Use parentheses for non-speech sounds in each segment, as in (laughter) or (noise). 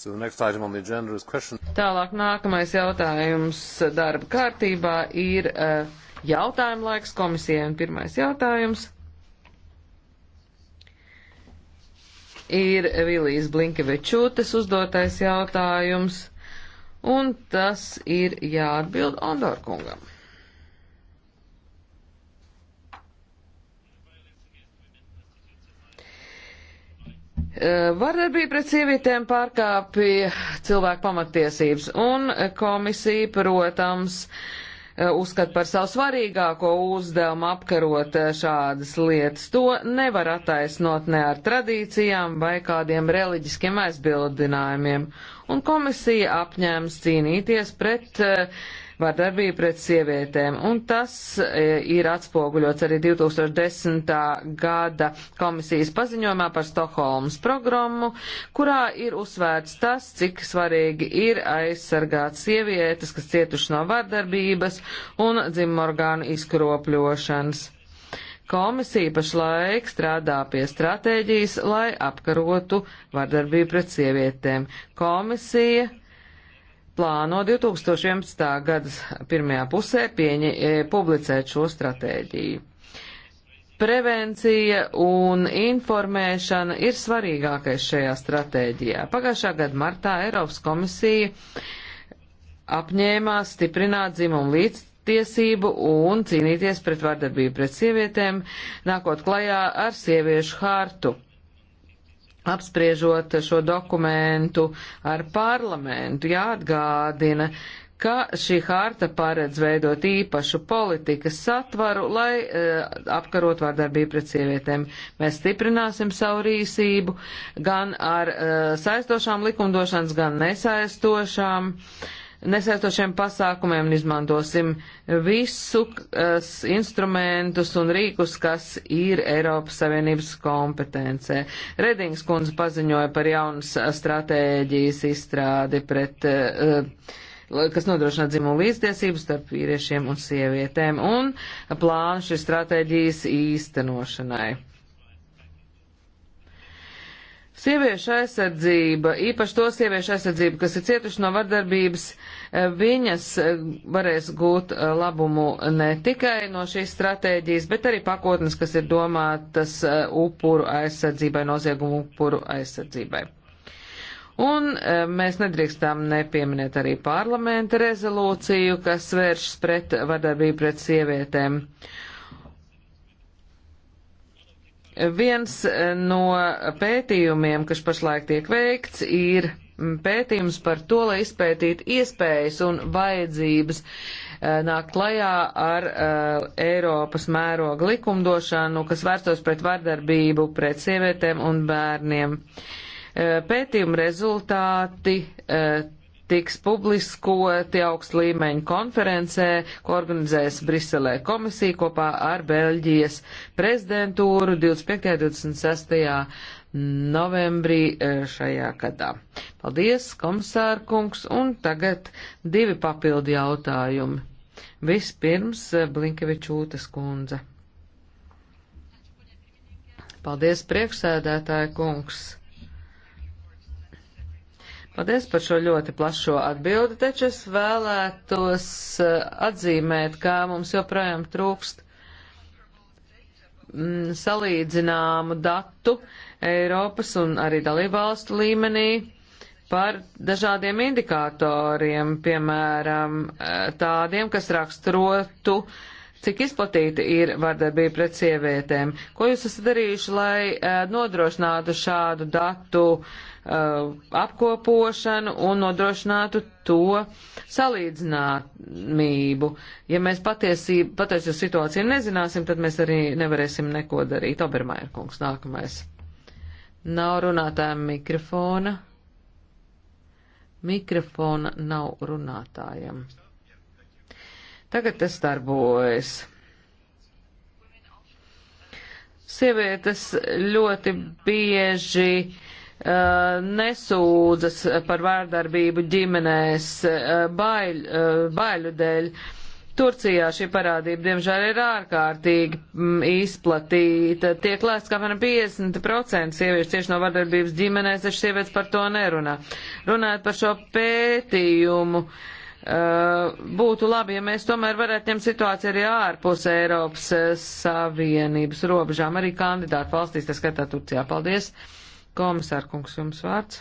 So Tālāk nākamais jautājums darba kārtībā ir uh, eh, jautājumu laiks komisijai. Un pirmais jautājums ir Vilijas Blinkevičūtes uzdotais jautājums, un tas ir jāatbild Andorkungam. Eh, vardarbība pret sievietēm pārkāpja cilvēku pamatiesības, un komisija, protams, eh, uzskata par savu svarīgāko uzdevumu apkarot eh, šādas lietas. To nevar attaisnot ne ar tradīcijām vai kādiem reliģiskiem aizbildinājumiem, un komisija apņēmas cīnīties pret uh, vardarbību pret sievietēm. Un tas e, ir atspoguļots arī 2010. gada komisijas paziņojumā par Stokholmas programmu, kurā ir uzsvērts tas, cik svarīgi ir aizsargāt sievietes, kas cietuši no vardarbības un dzimorgānu izkropļošanas. Komisija pašlaik strādā pie stratēģijas, lai apkarotu vardarbību pret sievietēm. Komisija plāno 2011. gada pirmajā pusē pieņi, e, publicēt šo stratēģiju. Prevencija un informēšana ir svarīgākais šajā stratēģijā. Pagājušā gada martā Eiropas komisija apņēmās stiprināt dzimumu līdz tiesību un cīnīties pret vardarbību pret sievietēm, nākot klajā ar sieviešu hārtu apspriežot šo dokumentu ar parlamentu, jāatgādina, ka šī harta paredz veidot īpašu politikas satvaru, lai e, apkarot vārdarbību pret sievietēm. Mēs stiprināsim savu rīsību gan ar e, saistošām likumdošanas, gan nesaistošām. E, nesaistošiem pasākumiem un izmantosim visu kas, instrumentus un rīkus, kas ir Eiropas Savienības kompetencē. Redings kundze paziņoja par jaunas stratēģijas izstrādi pret uh, kas nodrošina dzimumu līdztiesību starp vīriešiem un sievietēm un plānu šīs stratēģijas īstenošanai. Sieviešu aizsardzība, īpaši to sieviešu aizsardzību, kas ir cietuši no vardarbības, eh, viņas eh, varēs gūt eh, labumu ne tikai no šīs stratēģijas, bet arī pakotnes, kas ir domātas upuru aizsardzībai, noziegumu upuru aizsardzībai. Un mēs nedrīkstām nepieminēt arī parlamenta rezolūciju, kas vēršas pret vardarbību pret sievietēm. Uh, Viens eh, no pētījumiem, kas pašlaik tiek veikts, ir pētījums par to, lai izpētītu iespējas un vajadzības eh, nāk klajā ar uh, Eiropas mēroga likumdošanu, kas vērstos pret vardarbību pret sievietēm un bērniem. Uh, pētījuma rezultāti uh, tiks publiskoti augst līmeņu konferencē, ko organizēs Briselē komisija kopā ar Beļģijas prezidentūru 25. un 26. novembrī eh, šajā gadā. Paldies, komisārkungs, un tagad divi papildi jautājumi. Vispirms eh, Blinkevičūtas kundze. Paldies, priekšsēdētāja kungs. Paldies par šo ļoti plašo atbildi, taču es vēlētos eh, atzīmēt, kā mums joprojām trūkst mm, salīdzināmu datu Eiropas un arī dalībvalstu līmenī par dažādiem indikatoriem, piemēram, eh, tādiem, kas raksturotu uh, Cik izplatīta ir vardarbība pret sievietēm? Ko jūs esat darījuši, lai eh, nodrošinātu šādu datu uh, Uh, apkopošanu un nodrošinātu to salīdzināmību. Ja mēs patiesību, patiesu situāciju nezināsim, tad mēs arī nevarēsim neko darīt. Obermaier kungs nākamais. Nav runātāja mikrofona. Mikrofona nav runātājam. Tagad tas darbojas. Sievietes ļoti bieži uh, Uh, nesūdzas par vārdarbību ģimenēs uh, bail, uh, baiļu dēļ. Turcijā šī parādība, diemžēl, ir ārkārtīgi mm, izplatīta. Tiek lēsts, ka apmēram 50% sieviešu cieši no vardarbības ģimenēs, taču sievietes par to nerunā. Runājot par šo pētījumu, būtu labi, ja mēs tomēr varētu ņemt situāciju arī ārpus Eiropas Savienības robežām, arī kandidātu valstīs, tā skatā Turcijā. Paldies! Komisārkungs, jums vārds.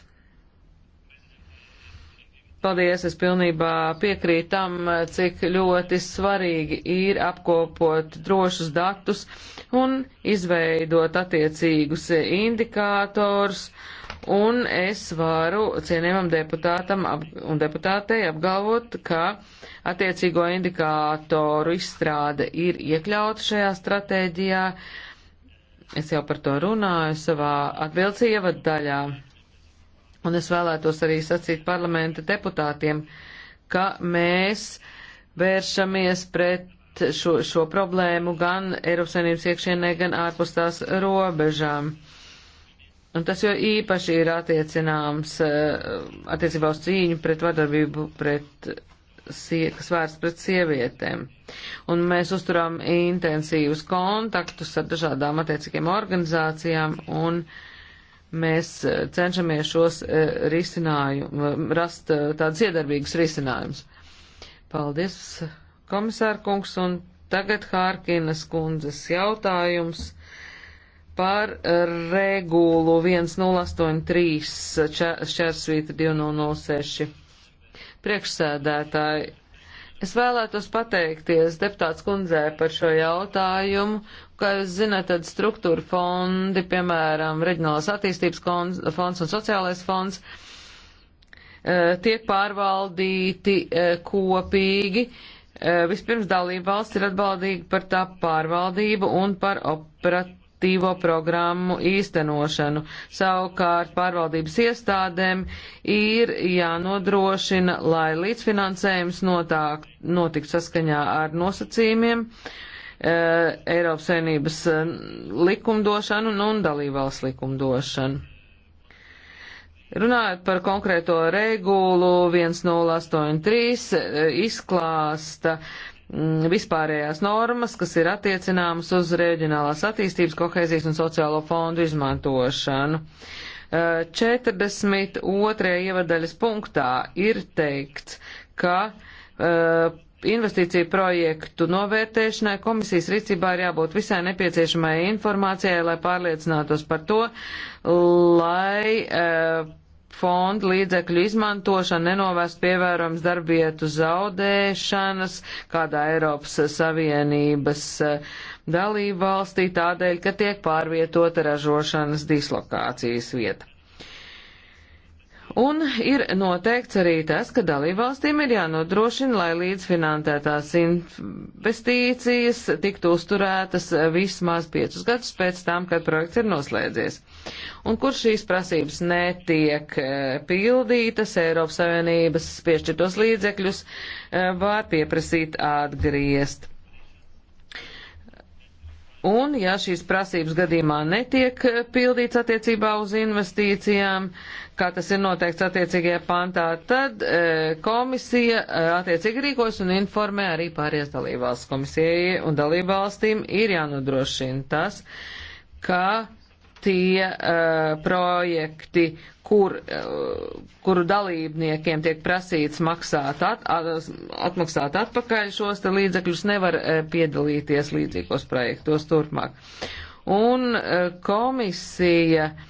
Paldies, es pilnībā piekrītu tam, cik ļoti svarīgi ir apkopot drošus datus un izveidot attiecīgus indikātors. Un es varu cienījumam deputātam ap, un deputātei apgalvot, ka attiecīgo indikātoru izstrāde ir iekļauta šajā stratēģijā. Uh, Es jau par to runāju savā atbildes ievaddaļā, un es vēlētos arī sacīt parlamenta deputātiem, ka mēs vēršamies pret šo, šo problēmu gan Eiropas Savienības iekšienē, gan ārpus tās robežām. Un tas jau īpaši ir attiecināms eh, attiecībā uz cīņu pret vardarbību pret kas vērsts pret sievietēm. Un mēs uzturām intensīvus kontaktus ar dažādām attiecīgiem organizācijām un mēs eh, cenšamies šos eh, risinājumu, eh, rast tādus iedarbīgus risinājumus. Paldies, komisārkungs, un tagad Hārkinas kundzes jautājums par regulu 1083 šķērsvīta 2006. Priekšsēdētāji, es vēlētos pateikties deputāts kundzē par šo jautājumu. Kā jūs zināt, tad struktūra fondi, piemēram, Reģionālās attīstības fonds un sociālais fonds, e, tiek pārvaldīti e, kopīgi. E, vispirms dalība valsts ir atbaldīga par tā pārvaldību un par operatīvu aktīvo programmu īstenošanu. Savukārt pārvaldības iestādēm ir jānodrošina, lai līdzfinansējums notiktu saskaņā ar nosacījumiem, e, Eiropas Savienības eh, likumdošanu un, un dalībvalsts likumdošanu. Runājot par konkrēto regulu 1083 eh, izklāsta Mm, vispārējās normas, kas ir attiecināmas uz reģionālās attīstības, kohēzijas un sociālo fondu izmantošanu. 42. Eh, ievadaļas punktā ir teikts, ka eh, investīciju projektu novērtēšanai komisijas rīcībā ir jābūt visai nepieciešamai informācijai, lai pārliecinātos par to, lai eh, fonda līdzekļu izmantošana nenovest pievērojams darbietu zaudēšanas kādā Eiropas Savienības eh, dalību valstī tādēļ, ka tiek pārvietota ražošanas dislokācijas vieta. Un ir noteikts arī tas, ka dalībvalstīm ir jānodrošina, lai līdzfinansētās investīcijas tiktu uzturētas vismaz piecus gadus pēc tam, kad projekts ir noslēdzies. Un kur šīs prasības netiek eh, pildītas, Eiropas Savienības piešķirtos līdzekļus eh, var pieprasīt atgriezt. Un, ja šīs prasības gadījumā netiek eh, pildīts attiecībā uz investīcijām, kā tas ir noteikts attiecīgajā pantā, tad e, komisija e, attiecīgi rīkos un informē arī pārējās dalībvalsts komisijai un dalībvalstīm ir jānodrošina tas, ka tie uh, projekti, kur, uh, kuru dalībniekiem tiek prasīts maksāt at, at, atmaksāt atpakaļ šos te līdzekļus, nevar uh, piedalīties līdzīgos projektos turpmāk. Un uh, komisija uh,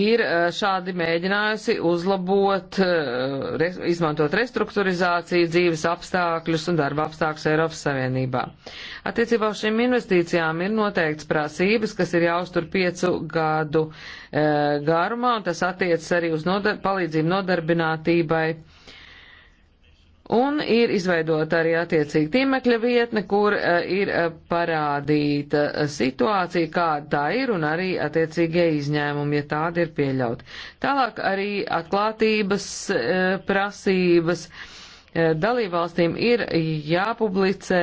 ir e, šādi mēģinājusi uzlabot, e, izmantot restruktūrizāciju, dzīves apstākļus un darba apstākļus Eiropas Savienībā. Attiecībā uz šīm investīcijām ir noteikts prasības, kas ir jāuztur piecu gadu e, garumā, un tas attiecas arī uz nodar palīdzību nodarbinātībai Un ir izveidota arī attiecīgi tīmekļa vietne, kur uh, ir eh, parādīta eh, situācija, kāda tā ir, un arī attiecīgie izņēmumi, ja tādi ir pieļauti. Tālāk arī atklātības uh, prasības uh, dalībvalstīm ir jāpublicē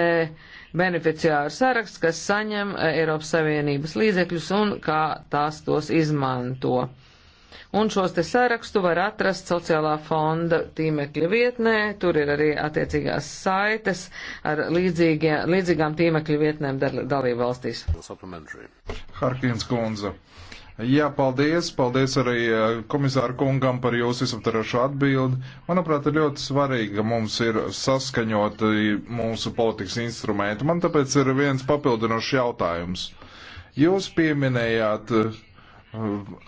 beneficiāru saraksts, kas saņem Eiropas Savienības līdzekļus un kā tās tos izmanto. Uh, Un šos te sarakstu var atrast sociālā fonda tīmekļa vietnē, tur ir arī attiecīgās saites ar līdzīgie, līdzīgām tīmekļa vietnēm dalību valstīs. Harkins Kunze. Jā, paldies. Paldies arī eh, komisāru kungam par jūsu visaptarošu atbildi. Manuprāt, ir ļoti svarīgi, ka mums ir saskaņot mūsu politikas instrumenti. Man tāpēc ir viens papildinošs jautājums. Jūs pieminējāt uh,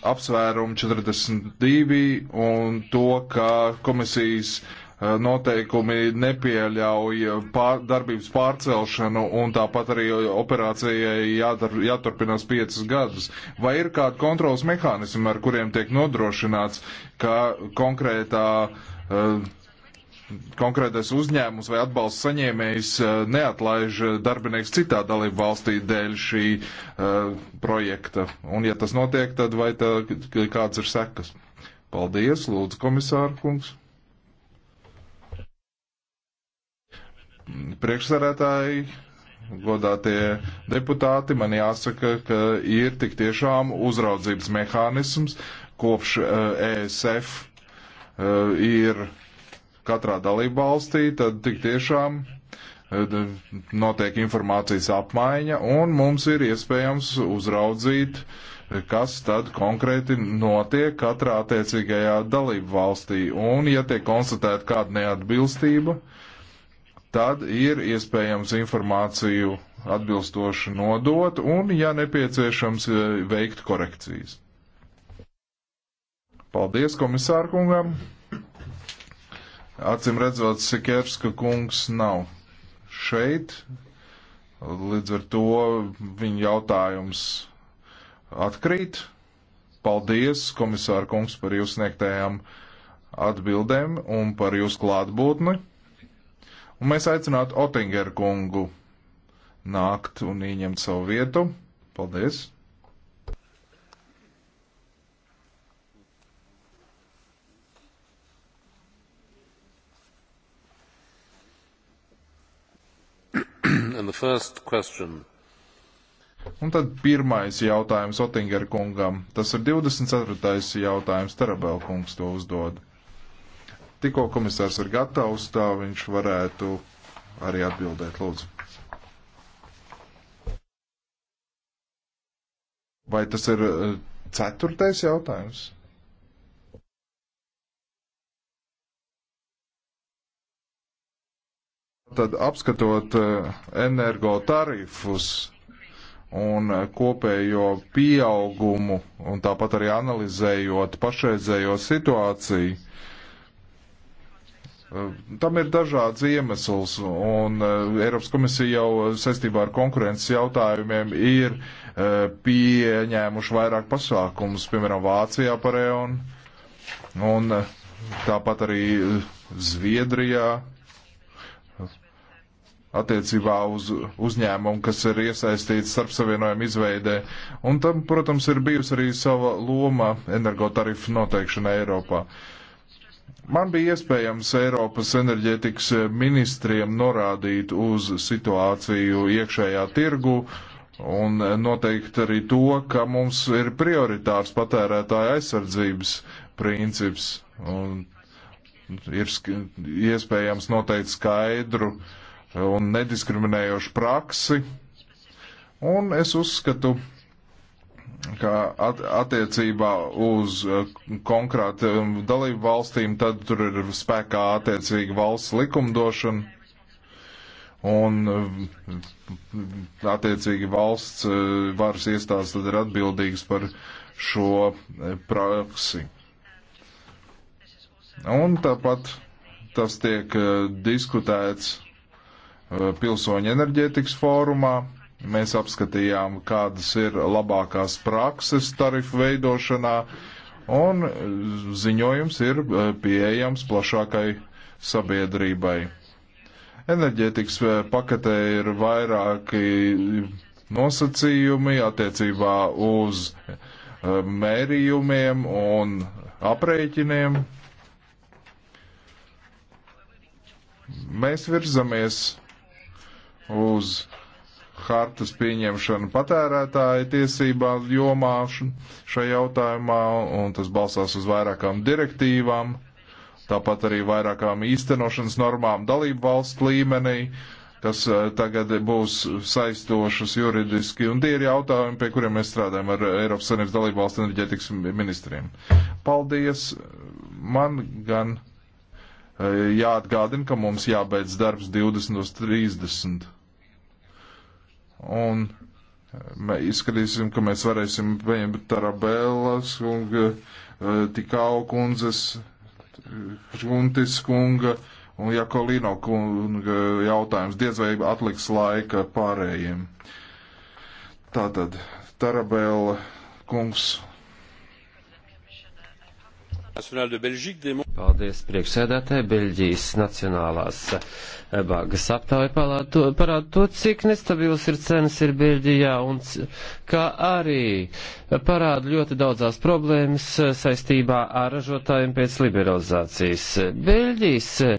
apsvērumu 42 un to, ka komisijas eh, noteikumi nepieļauj pār, darbības pārcelšanu un tāpat arī operācijai jātar, jāturpinās piecas gadus. Vai ir kāda kontrolas mehānisma, ar kuriem tiek nodrošināts, ka konkrētā uh, konkrētais uzņēmums vai atbalsts saņēmējs eh, neatlaiž eh, darbinieks citā dalību valstī dēļ šī uh, projekta. Un ja tas notiek, tad vai tā, kāds ir sekas? Paldies, lūdzu, komisāra kungs. Priekšsarētāji, godātie deputāti, man jāsaka, ka ir tik tiešām uzraudzības mehānisms kopš uh, ESF uh, ir katrā dalību valstī, tad tik tiešām e, notiek informācijas apmaiņa un mums ir iespējams uzraudzīt, e, kas tad konkrēti notiek katrā attiecīgajā dalību valstī. Un, ja tiek konstatēta kāda neatbilstība, tad ir iespējams informāciju atbilstoši nodot un, ja nepieciešams, e, veikt korekcijas. Paldies komisārkungam! Acim redzot, Sikerska kungs nav šeit. Līdz ar to viņa jautājums atkrīt. Paldies, komisāra kungs, par jūsu sniegtajām atbildēm un par jūsu klātbūtni. Un mēs aicinātu Otingeru kungu nākt un ieņemt savu vietu. Paldies! Un tad pirmais jautājums Otinger kungam. Tas ir 24. jautājums, Tarabel kungs to uzdod. Tikko komisārs ir gatavs, tā viņš varētu arī atbildēt, lūdzu. Vai tas ir eh, ceturtais jautājums? Tad apskatot eh, energo tarifus un eh, kopējo pieaugumu un tāpat arī analizējot pašreizējo situāciju, eh, Tam ir dažāds iemesls, un Eiropas komisija jau saistībā ar konkurences jautājumiem ir pieņēmuši vairāk pasākumus, piemēram, Vācijā par EON, un tāpat arī Zviedrijā attiecībā uz uzņēmumu, kas ir iesaistīts starp savienojumu izveidē. Un tam, protams, ir bijusi arī sava loma energotarifu noteikšana Eiropā. Man bija iespējams Eiropas enerģētikas ministriem norādīt uz situāciju iekšējā tirgu un noteikti arī to, ka mums ir prioritārs patērētāja aizsardzības princips un ir iespējams noteikt skaidru uh, un nediskriminējošu praksi. Un es uzskatu, ka at, attiecībā uz eh, konkrētiem eh, dalību valstīm, tad tur ir spēkā attiecīga valsts likumdošana un eh, attiecīgi valsts varas iestādes tad ir atbildīgas par šo praksi. Un tāpat tas tiek diskutēts Eh, pilsoņu enerģētikas fórumā. Mēs apskatījām, kādas ir labākās prakses tarifu veidošanā, un ziņojums ir eh, pieejams plašākai sabiedrībai. Enerģētikas eh, paketē ir vairāki nosacījumi attiecībā uz mērījumiem un aprēķiniem. Mēs virzamies uz hartas pieņemšanu patērētāja tiesībā jomā šajā jautājumā, un tas balstās uz vairākām direktīvām, tāpat arī vairākām īstenošanas normām dalību valstu līmenī, kas eh, tagad būs saistošas juridiski, un tie ir jautājumi, pie kuriem mēs strādājam ar Eiropas Savienības dalību valstu enerģētikas ministriem. Paldies! Man gan eh, jāatgādina, ka mums jābeidz darbs 20.30. Un eh, izskatīsim, ka mēs varēsim pieņemt Tarabēlas kunga, eh, Tikau kundzes, Žuntis kunga un Jakolino kunga jautājums. Diez vai atliks laika pārējiem. Tātad, Tarabēla kungs. Paldies, priekšsēdētāji, Beļģijas Nacionālās uh, Bagas aptāja palāto, parāda to, cik nestabils ir cenas ir Beļģijā un kā arī parāda ļoti daudzās problēmas e, saistībā ar ražotājiem pēc liberalizācijas. Beļģijas e,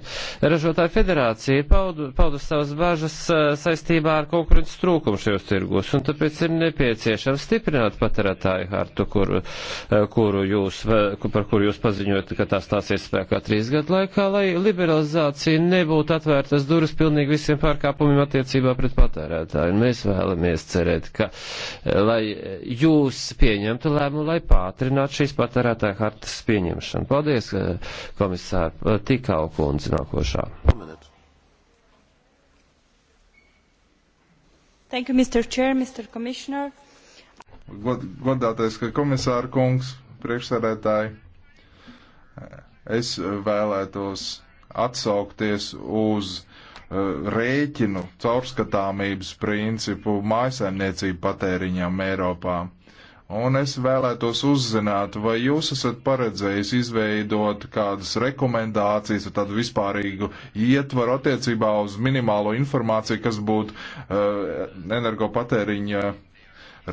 ražotāja federācija paudu, paudu savas bažas e, saistībā ar konkurences trūkumu šajos tirgos un tāpēc ir nepieciešams stiprināt patērētāju hartu, kur, kuru jūs, par kuru jūs paziņojat, ka tā stāsies spēkā trīs gadu laikā, lai liberalizācija nebūtu atvērta atvērtas durvis pilnīgi visiem pārkāpumiem attiecībā pret patērētāju. Un mēs vēlamies cerēt, ka eh, lai jūs pieņemtu lēmumu, lai pātrinātu šīs patērētāju hartas pieņemšanu. Paldies, eh, komisāri, eh, tikau kundze nākošā. Thank you, Mr. Chair, Mr. Commissioner. God, godātais, ka komisāra kungs, priekšsēdētāji, es vēlētos atsaukties uz uh, rēķinu caurskatāmības principu mājasaimniecību patēriņam Eiropā. Un es vēlētos uzzināt, vai jūs esat paredzējis izveidot kādas rekomendācijas ar tādu vispārīgu ietvaru attiecībā uz minimālo informāciju, kas būtu uh, energopatēriņa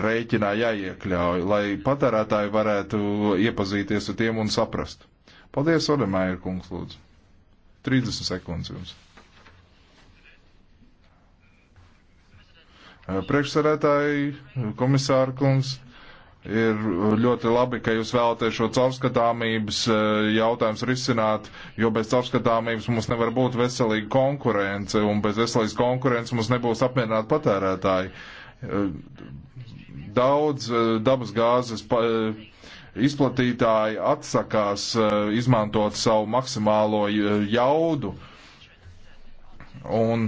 rēķinā jāiekļauj, lai patērētāji varētu iepazīties ar tiem un saprast. Paldies, Odemēra kungs, lūdzu. 30 sekundes jums. Priekšsarētāji, komisāra kungs, ir ļoti labi, ka jūs vēlaties šo caurskatāmības jautājumus risināt, jo bez caurskatāmības mums nevar būt veselīga konkurence, un bez veselīgas konkurences mums nebūs apmierināti patērētāji. Daudz dabas gāzes. Pa, izplatītāji atsakās eh, izmantot savu maksimālo eh, jaudu. Un,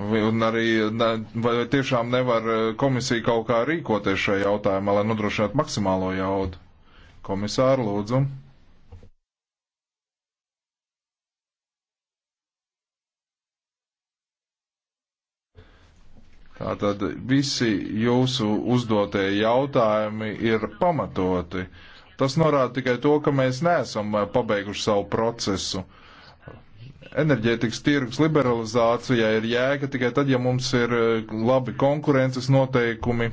un arī vai tiešām nevar eh, komisija kaut kā rīkoties šajā jautājumā, lai nodrošinātu maksimālo jaudu. Komisāru lūdzu. Tātad visi jūsu uzdotie jautājumi ir pamatoti. Tas norāda tikai to, ka mēs neesam eh, pabeiguši savu procesu. Enerģētikas tirgus liberalizācijā ir jēga tikai tad, ja mums ir eh, labi konkurences noteikumi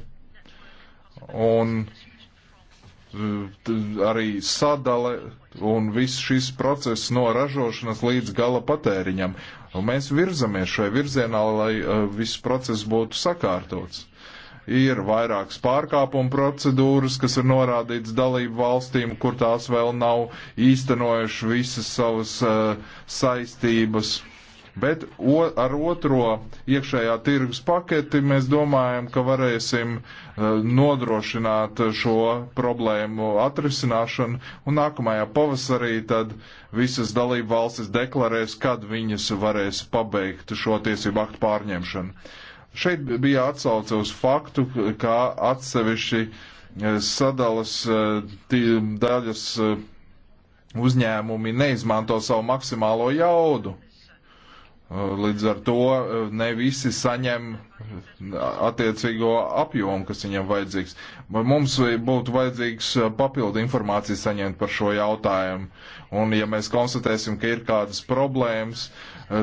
un eh, arī sadale un viss šis process no ražošanas līdz gala patēriņam. Un mēs virzamies šai virzienā, lai uh, viss process būtu sakārtots. Ir vairākas pārkāpuma procedūras, kas ir norādīts dalību valstīm, kur tās vēl nav īstenojuši visas savas uh, saistības Bet o, ar otro iekšējā tirgus paketi mēs domājam, ka varēsim eh, nodrošināt šo problēmu atrisināšanu. Un nākamajā pavasarī tad visas dalību valstis deklarēs, kad viņas varēs pabeigt šo tiesību aktu pārņemšanu. Šeit bija atsauce uz faktu, kā atsevišķi eh, sadalas eh, daļas uzņēmumi neizmanto savu maksimālo jaudu. Uh, līdz ar to uh, ne visi saņem uh, attiecīgo apjomu, kas viņam vajadzīgs. Mums būtu vajadzīgs papildu informāciju saņemt par šo jautājumu. Un ja mēs konstatēsim, ka ir kādas problēmas,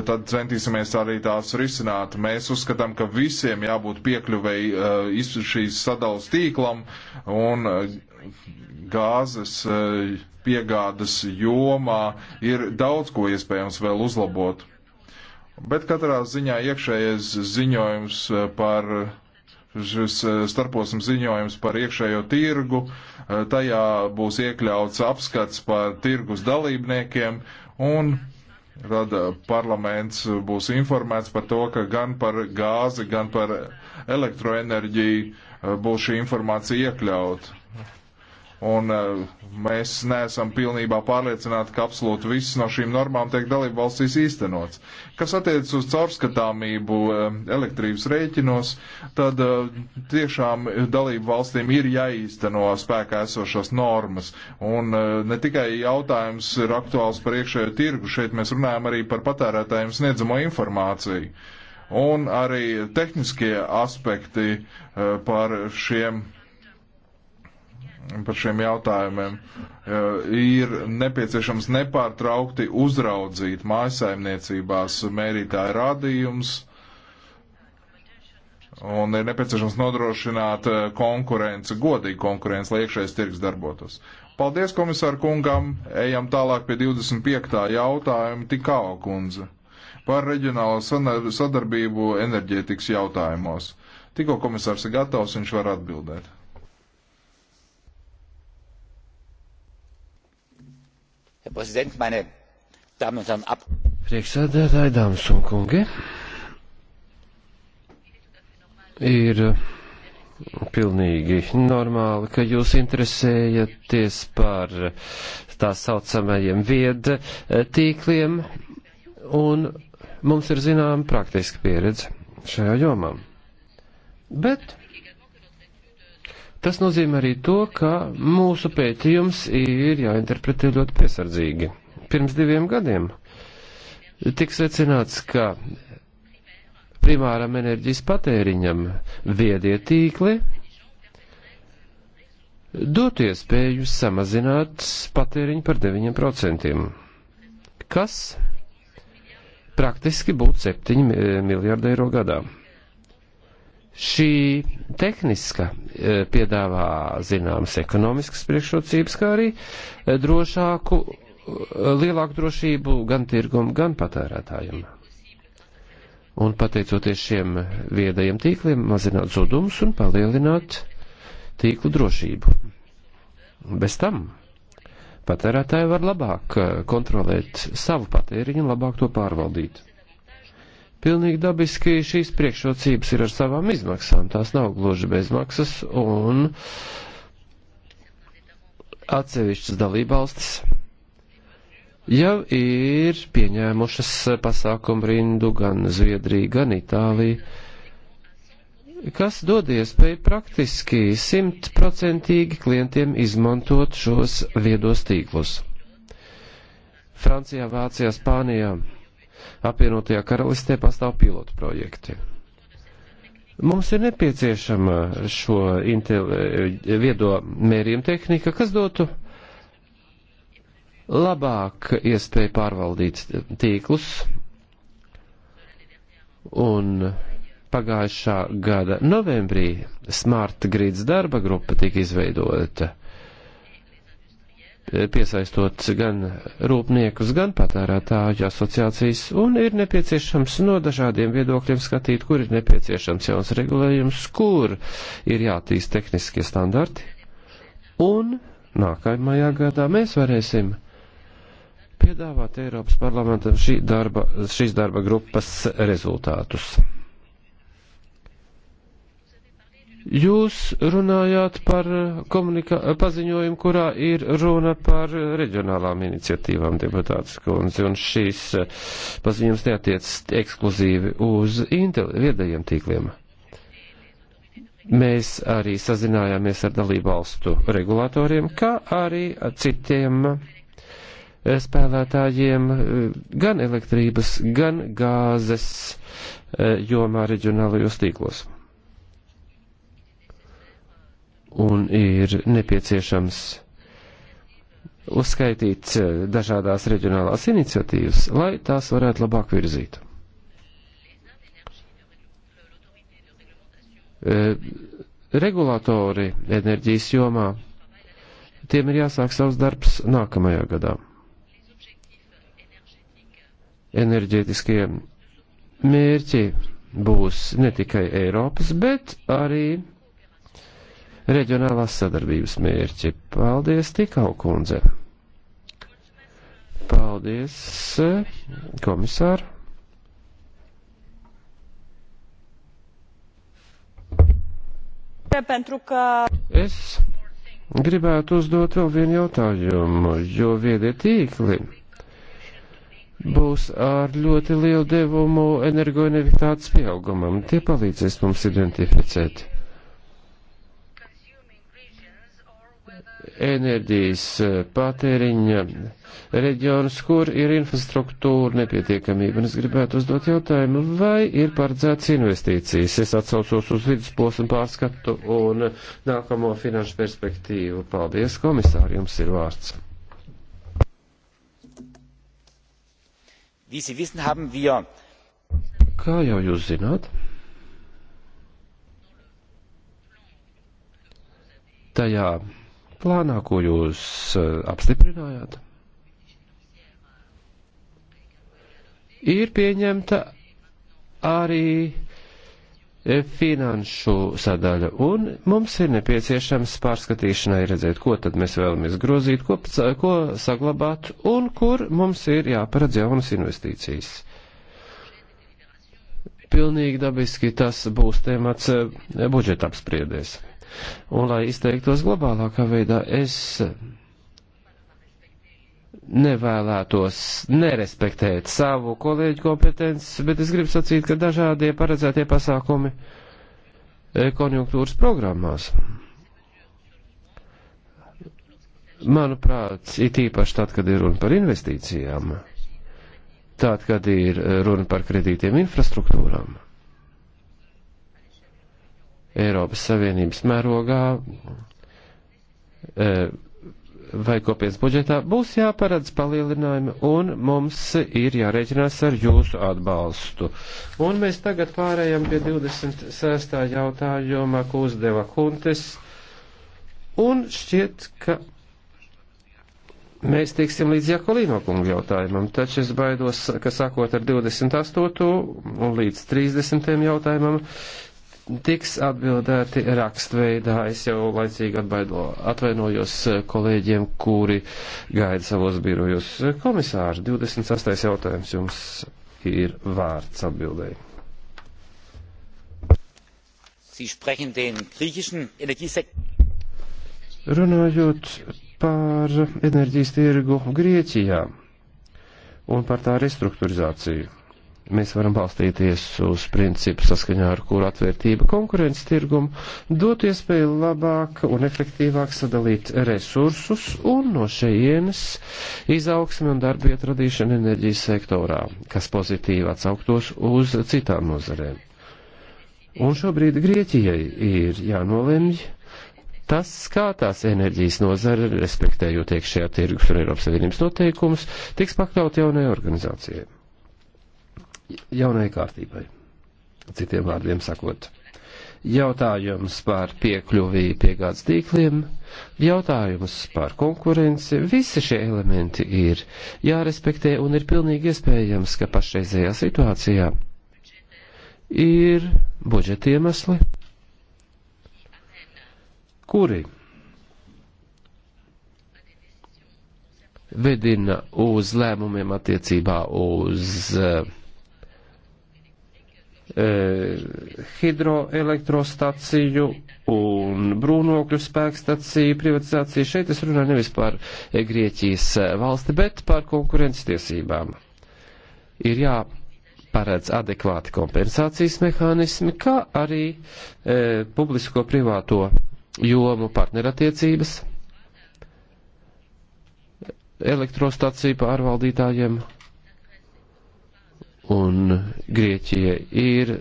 tad centīsimies arī tās risināt. Mēs uzskatām, ka visiem jābūt piekļuvēji šīs sadalas tīklam un gāzes piegādas jomā ir daudz ko iespējams vēl uzlabot. Bet katrā ziņā iekšējais ziņojums eh, par šis eh, starposms ziņojums par iekšējo tirgu, eh, tajā būs iekļauts apskats par tirgus dalībniekiem un tad parlaments būs informēts par to, ka gan par gāzi, gan par elektroenerģiju būs šī informācija iekļauta un uh, mēs neesam pilnībā pārliecināti, ka absolūti viss no šīm normām tiek dalību valstīs īstenots. Kas attiecas uz caurskatāmību uh, elektrības rēķinos, tad uh, tiešām dalību valstīm ir jāīsteno spēkā esošās normas, un ne tikai jautājums ir aktuāls par iekšējo tirgu, šeit mēs runājam arī par patērētājiem sniedzamo informāciju. Un arī tehniskie aspekti par šiem par šiem jautājumiem, eh, ir nepieciešams nepārtraukti uzraudzīt mājasaimniecībās mērītāju rādījums un ir nepieciešams nodrošināt eh, konkurenci, godīgu konkurenci, lai iekšējais tirgs darbotos. Paldies komisāru kungam, ejam tālāk pie 25. jautājuma Tikāo kundze par reģionālo sadarbību enerģētikas jautājumos. Tikko komisārs ir gatavs, viņš var atbildēt. herr präsident meine damen und herren abgeordneten! ir uh, pilnīgi normāli, ka jūs interesējaties par tā saucamajiem viedtīkliem, uh, un mums ir zināma praktiska pieredze šajā jomā. Bet Tas nozīmē arī to, ka mūsu pētījums ir jāinterpretē ļoti piesardzīgi. Pirms diviem gadiem tika secināts, ka primāram enerģijas patēriņam viedie tīkli dot iespēju samazināt patēriņu par 9%, kas praktiski būtu 7 miljārdi eiro gadā. Šī tehniska e, piedāvā zināmas ekonomiskas priekšrocības, kā arī e, drošāku, e, lielāku drošību gan tirgumu, gan patērētājiem. Un pateicoties šiem viedajiem tīkliem, mazināt zudumus un palielināt tīklu drošību. Bez tam patērētāji var labāk kontrolēt savu patēriņu un labāk to pārvaldīt. Pilnīgi dabiski šīs priekšrocības ir ar savām izmaksām, tās nav gluži bezmaksas, un atsevišķas dalībvalstis jau ir pieņēmušas pasākumu rindu gan Zviedrija, gan Itālija, kas dod iespēju praktiski simtprocentīgi klientiem izmantot šos viedos tīklus. Francijā, Vācijā, Spānijā apvienotajā karalistē pastāv pilotu projekti. Mums ir nepieciešama šo eh, viedo mērījuma tehnika, kas dotu labāk iespēju pārvaldīt tīklus. Un pagājušā gada novembrī Smart Grids darba grupa tika izveidota piesaistot gan rūpniekus, gan patērētāju asociācijas, un ir nepieciešams no dažādiem viedokļiem skatīt, kur ir nepieciešams jauns regulējums, kur ir jātīst tehniskie standarti, un nākamajā gadā mēs varēsim piedāvāt Eiropas parlamentam šī darba, šīs darba grupas rezultātus. Jūs runājāt par paziņojumu, kurā ir runa par reģionālām iniciatīvām, deputātas kundze, un šīs eh, paziņojums neatiec ekskluzīvi uz viedajiem tīkliem. Mēs arī sazinājāmies ar dalībvalstu regulātoriem, kā arī citiem eh, spēlētājiem eh, gan elektrības, gan gāzes jomā reģionālajos tīklos un ir nepieciešams uzskaitīt eh, dažādās reģionālās iniciatīvas, lai tās varētu labāk virzīt. Eh, regulātori enerģijas jomā, tiem ir jāsāk savs darbs nākamajā gadā. Enerģētiskie mērķi būs ne tikai Eiropas, bet arī reģionālās sadarbības mērķi. Paldies, Tikau kundze! Paldies, komisāri! pentru că... Es gribētu uzdot vēl vienu jautājumu, jo viedie tīkli būs ar ļoti lielu devumu energoenergitātes pieaugumam. Tie palīdzēs mums identificēt enerģijas eh, patēriņa reģionus, kur ir infrastruktūra nepietiekamība. Un es gribētu uzdot jautājumu, vai ir paredzēts investīcijas. Es atsaucos uz vidusposmu pārskatu un nākamo finanšu perspektīvu. Paldies, komisāri, jums ir vārds. Kā jau jūs zināt? Tajā plānā, ko jūs e, apstiprinājāt? Ir pieņemta arī e, finanšu sadaļa, un mums ir nepieciešams pārskatīšanai redzēt, ko tad mēs vēlamies grozīt, ko, ko saglabāt, un kur mums ir jāparedz jaunas investīcijas. Pilnīgi dabiski tas būs temats e, budžeta apspriedēs un lai izteiktos globālākā veidā, es nevēlētos nerespektēt savu kolēģu kompetences, bet es gribu sacīt, ka dažādie paredzētie pasākumi e, konjunktūras programmās, manuprāt, it īpaši tad, kad ir runa par investīcijām, tad, kad ir e, runa par kredītiem infrastruktūrām, Eiropas Savienības mērogā eh, vai kopienas budžetā būs jāparedz palielinājumi, un mums ir jārēķinās ar jūsu atbalstu. Un mēs tagad pārējām pie 26. jautājuma, ko uzdeva Huntes, un šķiet, ka mēs tiksim līdz Jakolīno kungu jautājumam, taču es baidos, ka sākot ar 28. un līdz 30. jautājumam, tiks atbildēti rakstveidā. Es jau laicīgi atbaido, atvainojos eh, kolēģiem, kuri gaida savos birojos. Komisārs, 28. jautājums jums ir vārds atbildēji. Runājot par enerģijas tirgu Grieķijā un par tā restruktūrizāciju mēs varam balstīties uz principu saskaņā ar kuru atvērtība konkurences tirgumu dot iespēju labāk un efektīvāk sadalīt resursus un no šejienes izaugsmi un darbiet radīšana enerģijas sektorā, kas pozitīvi atsauktos uz citām nozarēm. Un šobrīd Grieķijai ir jānolemj tas, kā tās enerģijas nozara, respektējot iekšējā tirgus un Eiropas Savienības noteikumus, tiks pakļaut jaunajai organizācijai jaunai kārtībai. Citiem vārdiem sakot, jautājums par piekļuvī piegādes tīkliem, jautājums par konkurenci, visi šie elementi ir jārespektē un ir pilnīgi iespējams, ka pašreizējā situācijā ir budžeta iemesli, kuri vedina uz lēmumiem attiecībā uz uh, E, hidroelektrostaciju un brūnokļu spēkstaciju privatizāciju. Šeit es runāju nevis par e, Grieķijas e, valsti, bet par konkurences tiesībām. Ir jāparedz adekvāti kompensācijas mehānismi, kā arī e, publisko privāto jomu partnerattiecības elektrostaciju pārvaldītājiem. Pa un Grieķija ir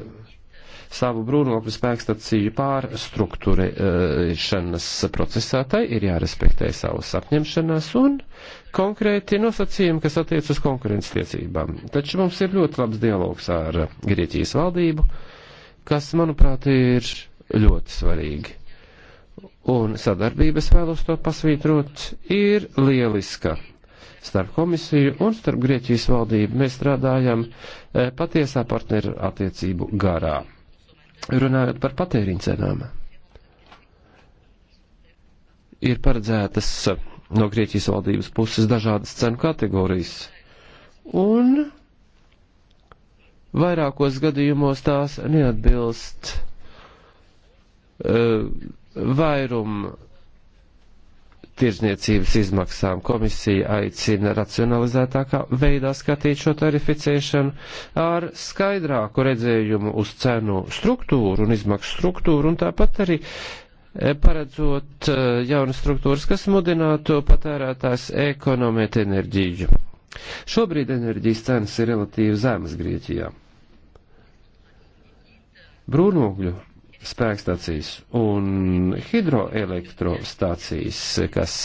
savu brūnokļu spēkstaciju pārstruktūrēšanas procesā, tai ir jārespektē savas apņemšanās un konkrēti nosacījumi, kas attiec uz konkurences tiecībām. Taču mums ir ļoti labs dialogs ar Grieķijas valdību, kas, manuprāt, ir ļoti svarīgi. Un sadarbības vēlos to pasvītrot, ir lieliska starp komisiju un starp Grieķijas valdību. Mēs strādājam e, patiesā partneru attiecību garā. Runājot par patēriņu cenām, ir paredzētas no Grieķijas valdības puses dažādas cenu kategorijas. Un vairākos gadījumos tās neatbilst uh, e, vairumu tirzniecības izmaksām. Komisija aicina racionalizētākā veidā skatīt šo tarificēšanu ar skaidrāku redzējumu uz cenu struktūru un izmaksu struktūru un tāpat arī eh, paredzot eh, jaunas struktūras, kas mudinātu patērētājs ekonomēt enerģiju. Šobrīd enerģijas cenas ir relatīvi zemas Grieķijā. Brūnogļu spēkstacijas un hidroelektrostacijas, kas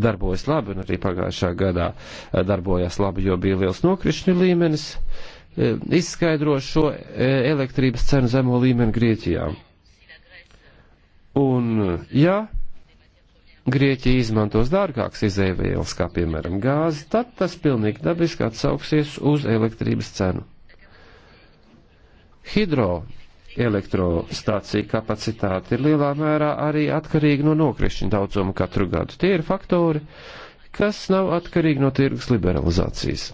darbojas labi un arī pagājušā gadā darbojās labi, jo bija liels nokrišņu līmenis, e, izskaidro šo e, elektrības cenu zemo līmeni Grieķijā. Un, ja Grieķija izmantos dārgākas izēvielas, kā piemēram gāzi, tad tas pilnīgi dabiski atsauksies uz elektrības cenu. Hidro elektrostācija kapacitāte ir lielā mērā arī atkarīga no nokrišņu daudzuma katru gadu. Tie ir faktori, kas nav atkarīgi no tirgus liberalizācijas.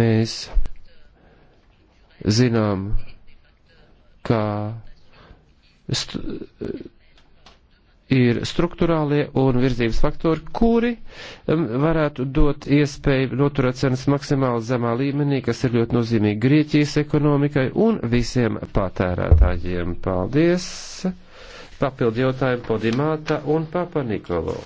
Mēs zinām, ka stu, ir struktūrālie un virzības faktori, kuri um, varētu dot iespēju noturēt cenas maksimāli zemā līmenī, kas ir ļoti nozīmīgi Grieķijas ekonomikai un visiem patērētājiem. Paldies! Papildu jautājumu Podimāta un Papa Nikolo.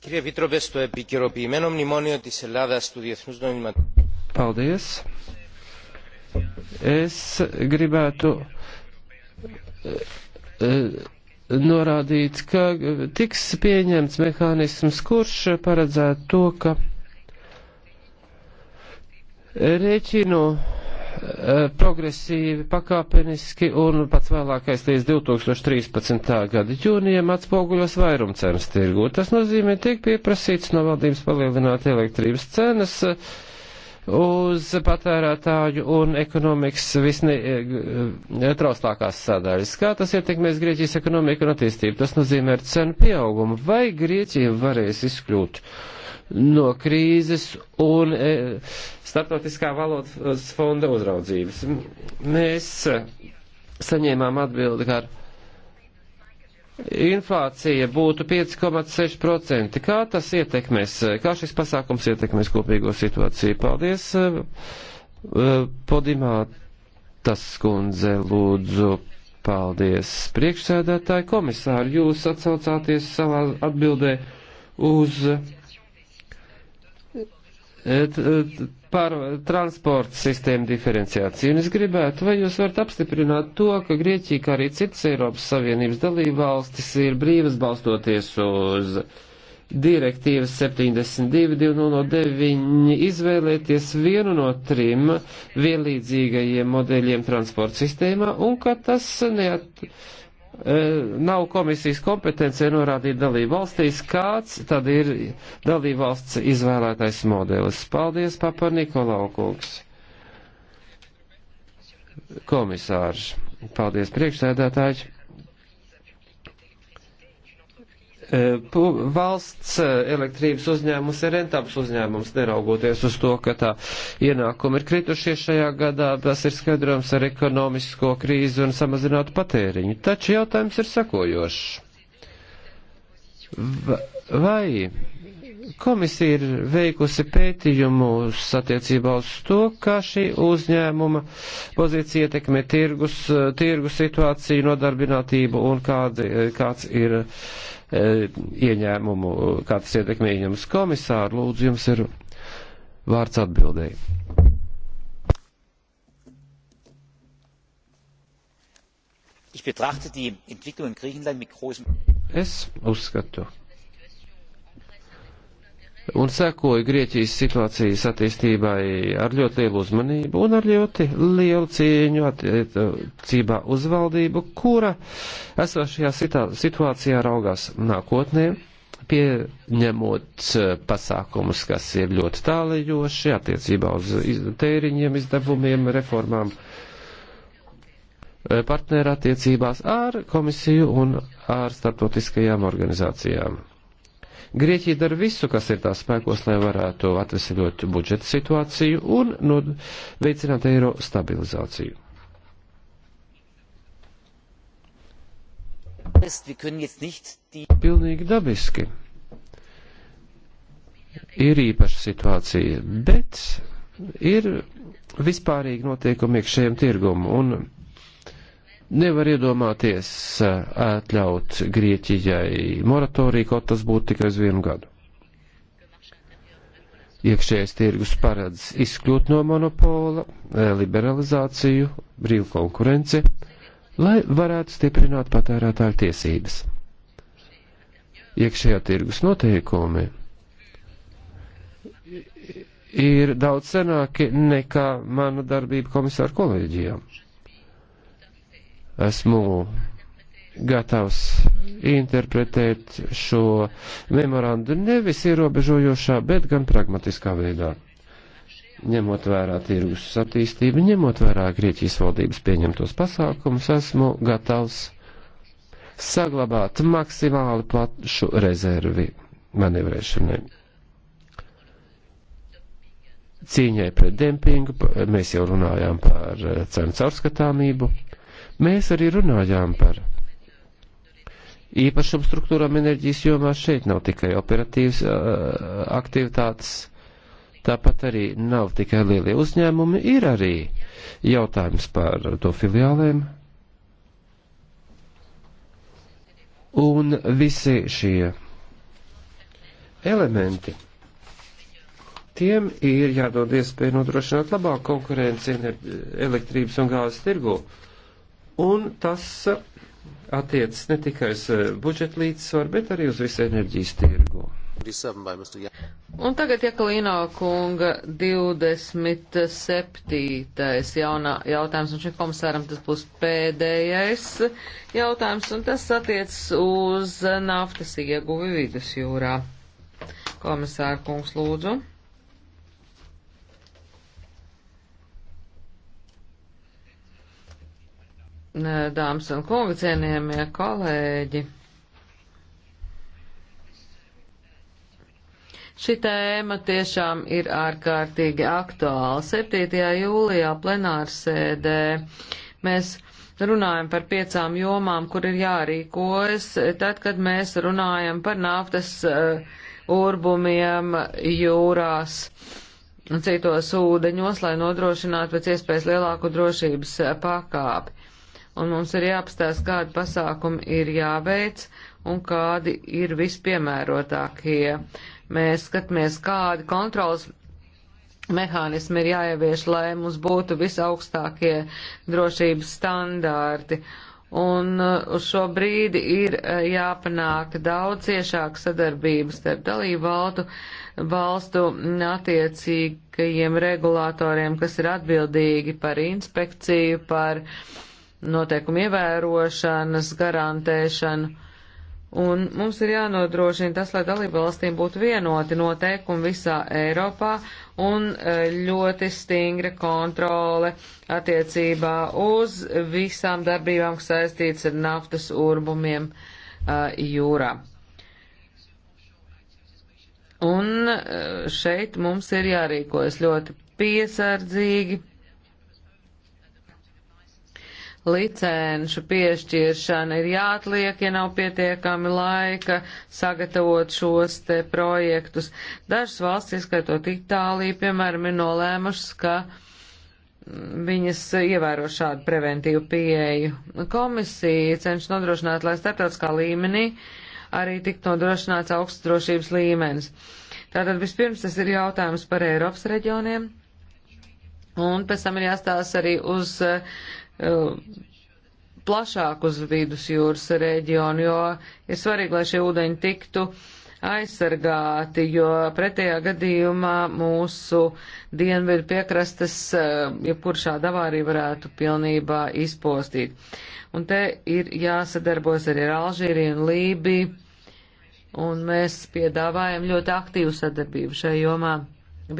Κύριε Επίτροπε, στο επικαιροποιημένο μνημόνιο της Ελλάδας του Διεθνούς Νομιματικού... Paldies! Es gribētu norādīt, ka tiks pieņemts mehānisms, kurš paredzētu to, ka rēķinu eh, progresīvi, pakāpeniski un pats vēlākais līdz 2013. gada jūnijam atspoguļos vairumcenas tirgu. Tas nozīmē, tiek pieprasīts no valdības palielināt elektrības cenas. Uh, uz patērētāju un ekonomikas visnetrauslākās eh, sadaļas. Kā tas ietekmēs Grieķijas ekonomiku un attīstību? Tas nozīmē ar cenu pieaugumu. Vai Grieķija varēs izkļūt no krīzes un e, starptautiskā valodas fonda uzraudzības? Mēs eh, saņēmām atbildi, ka ar inflācija būtu 5,6%. Kā tas ietekmēs, kā šis pasākums ietekmēs kopīgo situāciju? Paldies, eh, eh, Podimātas kundze, lūdzu. Paldies, priekšsēdētāji komisāri, jūs atsaucāties savā atbildē uz par transporta sistēmu diferenciāciju. Un es gribētu, vai jūs varat apstiprināt to, ka Grieķija, kā arī citas Eiropas Savienības dalībvalstis, ir brīvas balstoties uz direktīvas 72.209 izvēlēties vienu no trim vienlīdzīgajiem modeļiem transporta sistēmā un ka tas neat E, nav komisijas kompetencija norādīt dalību valstīs, kāds tad ir dalību valsts izvēlētais modelis. Paldies, Papa Nikolau kungs. Komisārs. Paldies, priekšsēdētāji. E, valsts e, elektrības uzņēmums ir rentabls uzņēmums, neraugoties uz to, ka tā ienākumi ir kritušies šajā gadā, tas ir skaidrojums ar ekonomisko krīzi un samazinātu patēriņu. Taču jautājums ir sakojošs. Vai komisija ir veikusi pētījumus attiecībā uz to, kā šī uzņēmuma pozīcija ietekmē tirgus, e, tirgus situāciju, nodarbinātību un kādi, kāds ir uh, E, ieņēmumu, kā tas ietekmē ieņemus komisāru. Lūdzu, jums ir vārds atbildēji. Es uzskatu, un sekoju Grieķijas situācijas attīstībai ar ļoti lielu uzmanību un ar ļoti lielu cieņu attiecībā uz valdību, kura esošajā situācijā raugās nākotnē, pieņemot eh, pasākumus, kas ir ļoti tālajoši attiecībā uz tēriņiem, izdevumiem, reformām eh, partnerattiecībās ar komisiju un ar starptautiskajām organizācijām. Grieķija dara visu, kas ir tās spēkos, lai varētu atvesaļot budžeta situāciju un no, veicināt eiro stabilizāciju. Pilnīgi dabiski. Ir īpaša situācija, bet ir vispārīgi notiekumi iekšējiem tirgumu un nevar iedomāties eh, atļaut Grieķijai moratoriju, kaut tas būtu tikai uz vienu gadu. Iekšējais tirgus paredz izkļūt no monopola, eh, liberalizāciju, brīvu konkurenci, lai varētu stiprināt patērētāju tiesības. Iekšējā tirgus noteikumi ir daudz senāki nekā mana darbība komisāra kolēģijām Esmu gatavs interpretēt šo memorandu nevis ierobežojošā, bet gan pragmatiskā veidā. Ņemot vērā tirgus attīstību, ņemot vērā Grieķijas valdības pieņemtos pasākumus, esmu gatavs saglabāt maksimāli plašu rezervi manevrēšanai. Cīņai pret dempingu mēs jau runājām par cenu caurskatāmību Mēs arī runājām par īpašam struktūrām enerģijas jomā šeit nav tikai operatīvas uh, aktivitātes, tāpat arī nav tikai lielie uzņēmumi, ir arī jautājums par to filiālēm. Un visi šie elementi, tiem ir jādod iespēja nodrošināt labāku konkurenci elektrības un gāzes tirgu. Uh, Un tas attiecas ne tikai uz eh, budžeta līdzsvaru, bet arī uz visu enerģijas tirgu. Un tagad Jekalīnā kunga 27. Jaunā, jautājums, un šim komisāram tas būs pēdējais jautājums, un tas attiecas uz naftas ieguvi vidusjūrā. Komisāra kungs lūdzu. dāmas un kungi, cienījamie kolēģi. Šī tēma tiešām ir ārkārtīgi aktuāla. 7. jūlijā plenārsēdē mēs runājam par piecām jomām, kur ir jārīkojas, tad, kad mēs runājam par naftas uh, urbumiem jūrās un citos ūdeņos, lai nodrošinātu pēc iespējas lielāku drošības uh, pakāpi un mums ir jāapstāsta, kādi pasākumi ir jāveic un kādi ir vispiemērotākie. Mēs skatāmies, kādi kontrols mehānismi ir jāievieš, lai mums būtu visaugstākie drošības standārti. Un uh, uz šo brīdi ir uh, jāpanāk daudz ciešāka sadarbības starp dalību valstu, valstu attiecīgajiem regulātoriem, kas ir atbildīgi par inspekciju, par uh, noteikumu ievērošanas garantēšanu. Un mums ir jānodrošina tas, lai dalībvalstīm būtu vienoti noteikumi visā Eiropā un e, ļoti stingra kontrole attiecībā uz visām darbībām, kas saistīts ar naftas urbumiem e, jūrā. Un e, šeit mums ir jārīkojas ļoti piesardzīgi licenšu piešķiršana ir jāatliek, ja nav pietiekami laika sagatavot šos te projektus. Dažas valsts, ieskaitot Itāliju, piemēram, ir nolēmušas, ka viņas ievēro šādu preventīvu pieeju. Komisija cenšas nodrošināt, lai starptautiskā līmenī arī tiktu nodrošināts augsts drošības līmenis. Tātad vispirms tas ir jautājums par Eiropas reģioniem, un pēc tam ir jāstās arī uz Uh, plašāk uz vidusjūras reģionu, jo ir svarīgi, lai šie ūdeņi tiktu aizsargāti, jo pretējā gadījumā mūsu dienvidu piekrastes, uh, jebkur šāda avārija varētu pilnībā izpostīt. Un te ir jāsadarbojas arī ar Alžīriju un Lībiju, un mēs piedāvājam ļoti aktīvu sadarbību šajā jomā.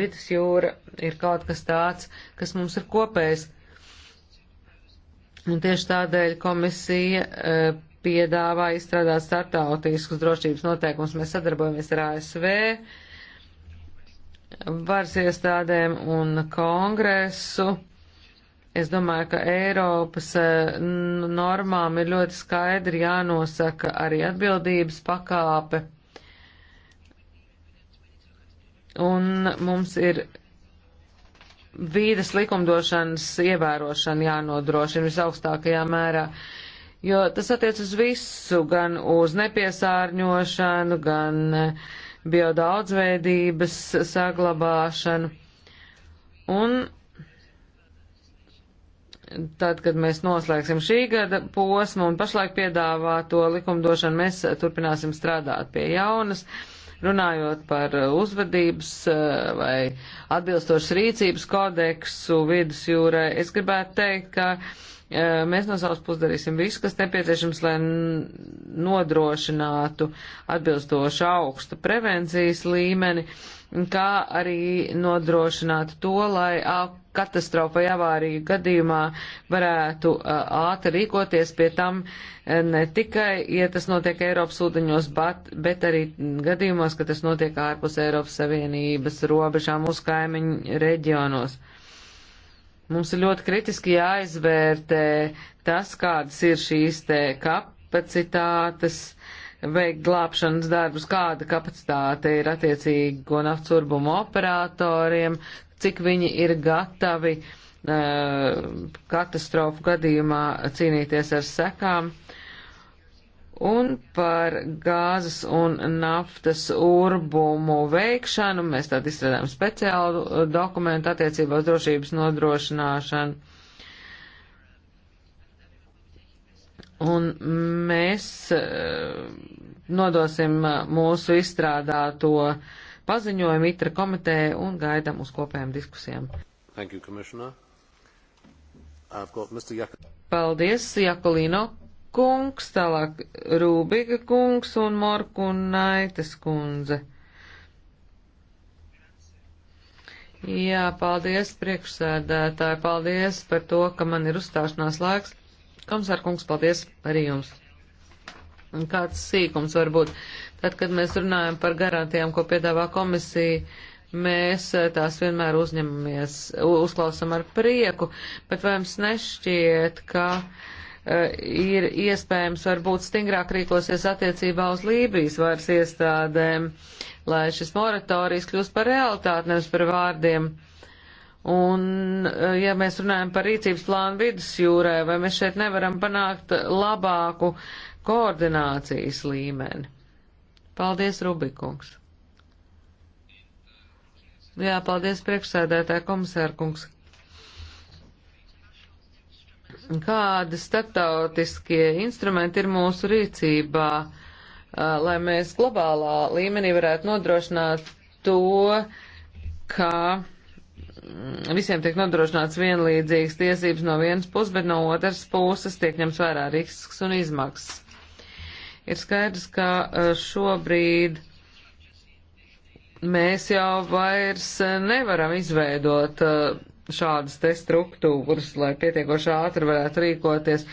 Vidusjūra ir kaut kas tāds, kas mums ir kopējs Un tieši tādēļ komisija e, piedāvā izstrādāt startautiskus drošības noteikumus. Mēs sadarbojamies ar ASV, varas iestādēm un kongresu. Es domāju, ka Eiropas e, normām ir ļoti skaidri jānosaka arī atbildības pakāpe. Un mums ir vīdas likumdošanas ievērošana jānodrošina visaugstākajā mērā, jo tas attiec uz visu, gan uz nepiesārņošanu, gan eh, biodaudzveidības saglabāšanu. Un tad, kad mēs noslēgsim šī gada posmu un pašlaik piedāvāto likumdošanu, mēs turpināsim strādāt pie jaunas. Uh, Runājot par uh, uzvedības uh, vai atbilstošas rīcības kodeksu vidusjūrē, es gribētu teikt, ka uh, mēs no savas puses darīsim visu, kas nepieciešams, lai nodrošinātu atbilstošu augstu prevencijas līmeni kā arī nodrošināt to, lai ap katastrofa vai avārija gadījumā varētu uh, ātri rīkoties pie tam uh, ne tikai, ja tas notiek Eiropas ūdeņos, bet, bet arī gadījumos, ka tas notiek ārpus Eiropas Savienības robežām uz kaimiņu reģionos. Mums ir ļoti kritiski jāizvērtē tas, kādas ir šīs te kapacitātes, veikt glābšanas darbus, kāda kapacitāte ir attiecīgo naftas urbumu operatoriem, cik viņi ir gatavi eh, katastrofu gadījumā cīnīties ar sekām. Un par gāzes un naftas urbumu veikšanu mēs tad izstrādājam speciālu eh, dokumentu attiecībā uz drošības nodrošināšanu. Un mēs eh, nodosim mūsu izstrādāto uh, paziņojumu itra komitē un gaidam uz kopējām diskusijām. Thank you, Jak Paldies, Jakolino kungs, tālāk Rūbiga kungs un Morkunaites kundze. Jā, paldies priekšsēdētāji, paldies par to, ka man ir uzstāšanās laiks. Komisār kungs, paldies arī jums. Kāds sīkums varbūt. Tad, kad mēs runājam par garantijām, ko piedāvā komisija, mēs eh, tās vienmēr uzņemamies, uzklausam ar prieku, bet vai jums nešķiet, ka uh, ir iespējams varbūt stingrāk rīkosies attiecībā uz Lībijas varas iestādēm, lai šis moratorijas kļūst par realitāti, nevis par vārdiem? Un, eh, ja mēs runājam par rīcības plānu vidusjūrē, vai mēs šeit nevaram panākt labāku koordinācijas līmeni? Paldies, Rubikungs. Jā, paldies, priekšsēdētāja komisārkungs. Kādi starptautiskie instrumenti ir mūsu rīcībā, lai mēs globālā līmenī varētu nodrošināt to, ka mm, visiem tiek nodrošināts vienlīdzīgas tiesības no vienas puses, bet no otras puses tiek ņemts vērā risks un izmaksas. Ir skaidrs, ka e, šobrīd mēs jau vairs e, nevaram izveidot e, šādas te struktūras, lai pietiekoši ātri varētu rīkoties,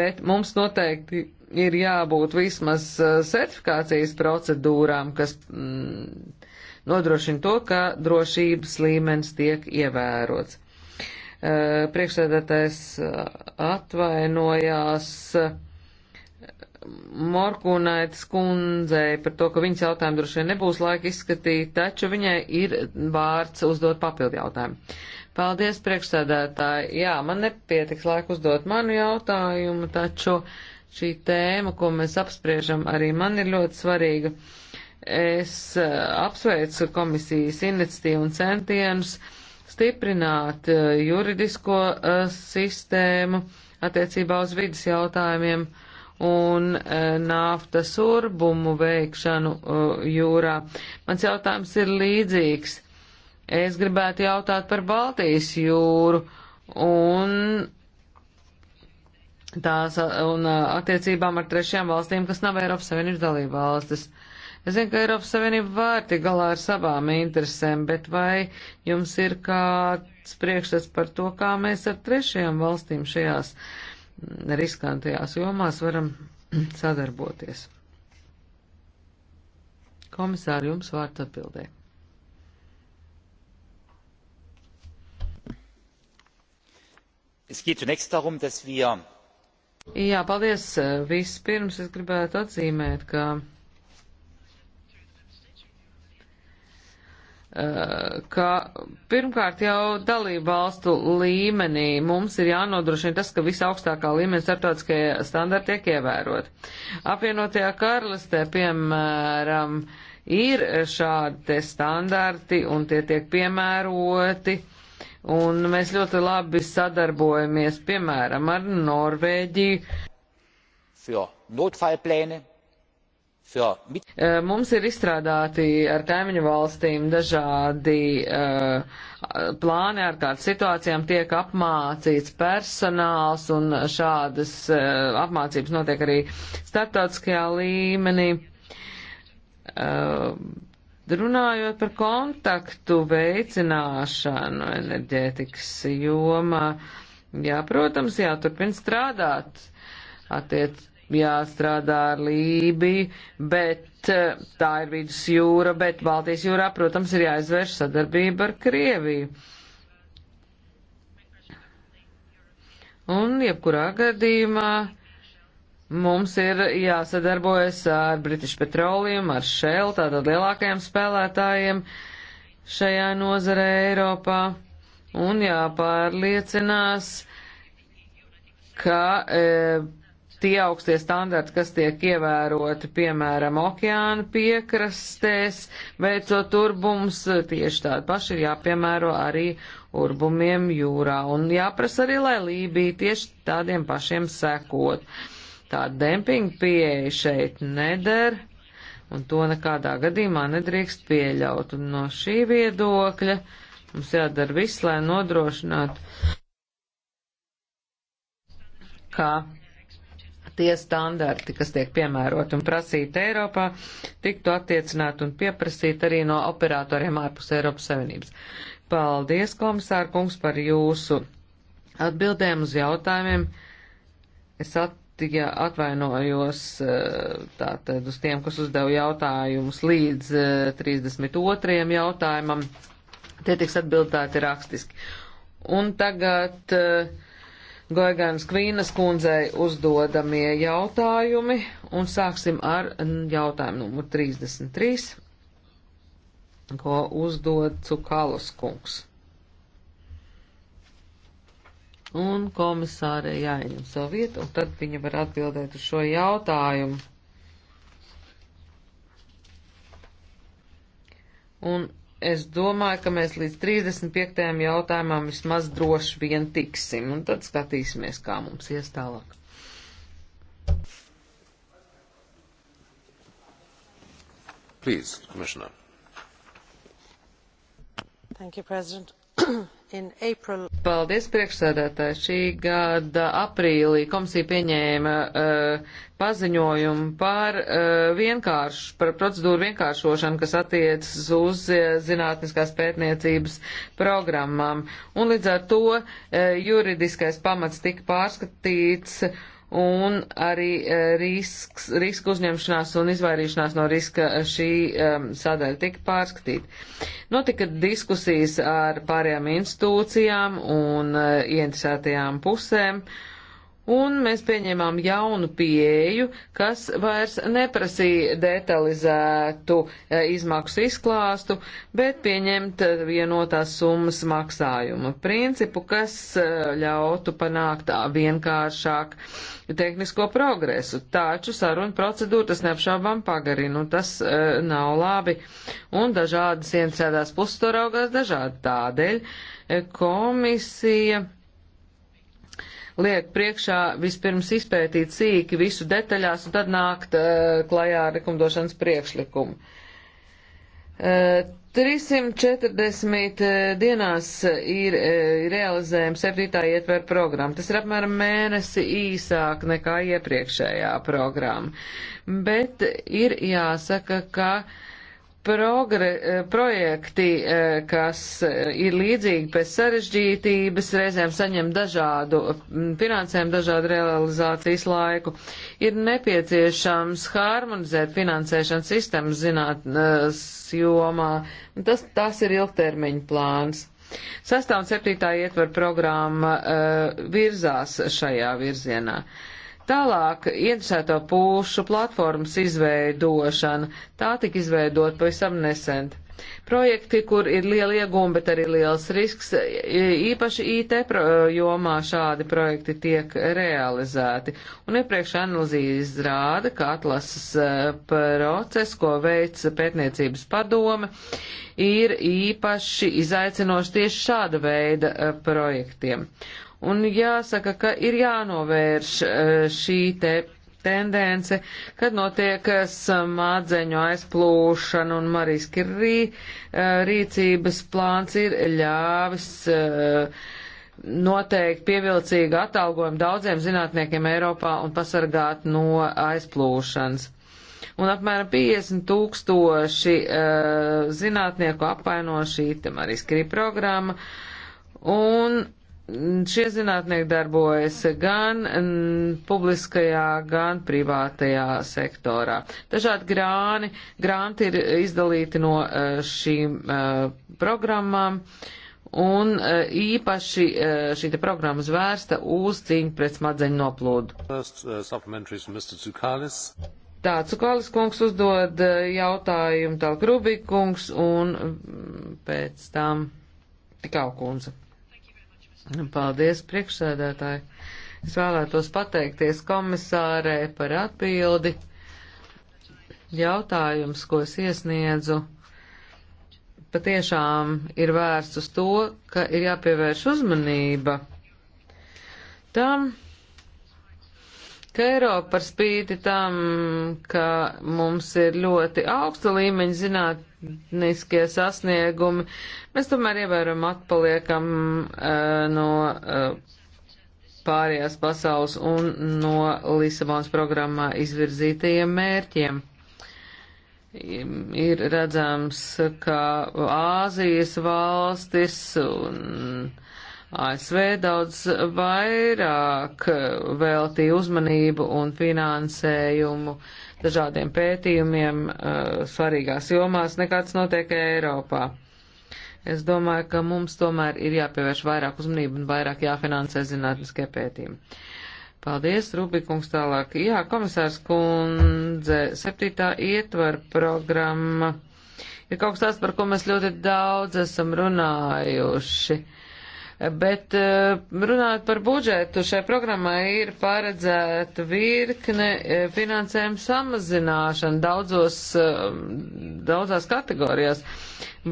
bet mums noteikti ir jābūt vismaz certifikācijas procedūrām, kas mm, nodrošina to, ka drošības līmenis tiek ievērots. Priekšsēdētājs atvainojās Morkūnaitas kundzei par to, ka viņas jautājumu droši vien nebūs laika izskatīt, taču viņai ir vārds uzdot papildu jautājumu. Paldies, priekšsēdētāji. Jā, man nepietiks laika uzdot manu jautājumu, taču šī tēma, ko mēs apspriežam, arī man ir ļoti svarīga. Es eh, apsveicu komisijas iniciatīvu un centienus stiprināt eh, juridisko eh, sistēmu attiecībā uz vidas jautājumiem. Uh, un e, naftas urbumu veikšanu e, jūrā. Mans jautājums ir līdzīgs. Es gribētu jautāt par Baltijas jūru un tās e, un attiecībām ar trešajām valstīm, kas nav Eiropas Savienības dalība valstis. Es zinu, ka Eiropas Savienība var tik galā ar savām interesēm, bet vai jums ir kāds priekšstats par to, kā mēs ar trešajām valstīm šajās uh, riskantajās jomās varam (clears throat) sadarboties. Komisāri, jums vārds atbildē. Es geht zunächst darum, dass wir. Jā, paldies. Vispirms es gribētu atzīmēt, ka Eh, ka pirmkārt jau dalību valstu līmenī mums ir jānodrošina tas, ka visa augstākā līmeņa starptautiskie standarti tiek ievērot. Apvienotajā karalistē, piemēram, ir šādi standarti un tie tiek piemēroti. Un mēs ļoti labi sadarbojamies, piemēram, ar Norvēģiju. Für Notfallpläne Eh, mums ir izstrādāti ar kaimiņu valstīm dažādi uh, plāni ārkārtas situācijām, tiek apmācīts personāls un šādas uh, apmācības notiek arī starptautiskajā līmenī. Uh, runājot par kontaktu veicināšanu enerģētikas jomā, jā, protams, jāturpin strādāt attiec jāstrādā ar Lībiju, bet eh, tā ir vidus jūra, bet Baltijas jūrā, protams, ir jāizvērš sadarbība ar Krieviju. Un jebkurā gadījumā mums ir jāsadarbojas ar British Petroleum, ar Shell, tātad lielākajiem spēlētājiem šajā nozarē Eiropā. Un jāpārliecinās, ka e, tie augstie standarti, kas tiek ievēroti, piemēram, okeāna piekrastēs, veicot urbumus, tieši tādi paši ir jāpiemēro arī urbumiem jūrā. Un jāprasa arī, lai Lībija tieši tādiem pašiem sekot. Tāda dempinga pieeja šeit neder, un to nekādā gadījumā nedrīkst pieļaut. Un no šī viedokļa mums jādara viss, lai nodrošinātu, ka tie standarti, kas tiek piemērot un prasīti Eiropā, tiktu attiecināt un pieprasīt arī no operatoriem ārpus Eiropas Savienības. Paldies, komisāra kungs, par jūsu atbildēm uz jautājumiem. Es at, ja atvainojos eh, tātad uz tiem, kas uzdeva jautājumus līdz 32. Eh, jautājumam. Tie tiks atbildēti rakstiski. Un tagad uh, Goigānas Kvīnas kundzei uzdodamie jautājumi, un sāksim ar jautājumu numur 33, ko uzdod Cukalas kungs. Un komisārē jāieņem savu vietu, un tad viņa var atbildēt uz šo jautājumu. Un es domāju, ka mēs līdz 35. jautājumam vismaz droši vien tiksim, un tad skatīsimies, kā mums ies tālāk. Please, Commissioner. Thank you, President. (clears throat) Paldies, priekšsēdētāji. Šī gada aprīlī komisija pieņēma uh, paziņojumu par, uh, vienkārš, par procedūru vienkāršošanu, kas attiecas uz uh, zinātniskās pētniecības programmām. Un līdz ar to uh, juridiskais pamats tika pārskatīts. Uh, un arī e, risks, riska uzņemšanās un izvairīšanās no riska e, šī um, sadaļa tika pārskatīta. Notika diskusijas ar pārējām institūcijām un uh, ieinteresētajām pusēm. Uh, un mēs pieņēmām jaunu pieeju, kas vairs neprasīja detalizētu e, izmaksu izklāstu, bet pieņemt vienotās summas maksājumu principu, kas e, ļautu panākt vienkāršāk tehnisko progresu. Taču saruna procedūra tas neapšābām pagarina, un tas e, nav labi, un dažādas iemesēdās puses to raugās dažādi tādēļ. Komisija liek priekšā vispirms izpētīt sīki visu detaļās un tad nākt uh, klajā ar likumdošanas priekšlikumu. Uh, eh, 340 eh, dienās ir realizējama septītā ietver programma. Tas ir apmēram mēnesi īsāk nekā iepriekšējā programma. Bet ir jāsaka, ka progre, eh, projekti, eh, kas eh, ir līdzīgi pēc sarežģītības, reizēm saņem dažādu mm, finansējumu, dažādu realizācijas laiku. Ir nepieciešams harmonizēt finansēšanas sistēmas zinātnes jomā. Tas, tas ir ilgtermiņa plāns. Sastāv un septītā ietver programma virzās šajā virzienā. Uh, Tālāk interesēto pušu platformas izveidošana. Tā tika izveidot pavisam nesen. Projekti, kur ir liela ieguma, bet arī liels risks, īpaši IT jomā šādi projekti tiek realizēti. Un iepriekš analīze izrāda, ka atlases e, process, ko veic pētniecības padome, ir īpaši izaicinoši tieši šāda veida e, projektiem. Un jāsaka, ka ir jānovērš e, šī te tendence, kad notiek smadzeņu aizplūšana un mariski rī, e, rīcības plāns ir ļāvis e, noteikt pievilcīgu atalgojumu daudziem zinātniekiem Eiropā un pasargāt no aizplūšanas un apmēram 50 tūkstoši uh, zinātnieku apvaino šī Marijas Krī programma. Un Šie zinātnieki darbojas gan publiskajā, gan privātajā sektorā. Dažādi grāni, granti ir izdalīti no e, šīm e, programmām, un e, īpaši šī te programma zvērsta uz cīņu pret smadzeņu noplūdu. Uh, Tā, Cukalis kungs uzdod jautājumu, tālāk Rubik kungs, un pēc tam tikau kundze. Paldies, priekšsēdētāji. Es vēlētos pateikties komisārē par atbildi. Jautājums, ko es iesniedzu, patiešām ir vērsts uz to, ka ir jāpievērš uzmanība tam, ka Eiropa par spīti tam, ka mums ir ļoti augsta līmeņa zināt, tehniskie sasniegumi, mēs tomēr ievērojam atpaliekam uh, no uh, pārējās pasaules un no Lisabonas programmā izvirzītajiem mērķiem. Ir redzams, ka Āzijas valstis un ASV daudz vairāk veltīja uzmanību un finansējumu uh, dažādiem pētījumiem uh, svarīgās jomās, nekāds notiek Eiropā. Es domāju, ka mums tomēr ir jāpievērš vairāk uzmanību un vairāk jāfinansē zinātniskie pētījumi. Paldies, Rubikungs tālāk. Jā, komisārs kundze, septītā ietvar programma ir kaut kas tāds, par ko mēs ļoti daudz esam runājuši. Uh, Bet eh, runājot par budžetu, šai programmai ir paredzēta virkne eh, finansējuma samazināšana daudzos, eh, daudzās kategorijās.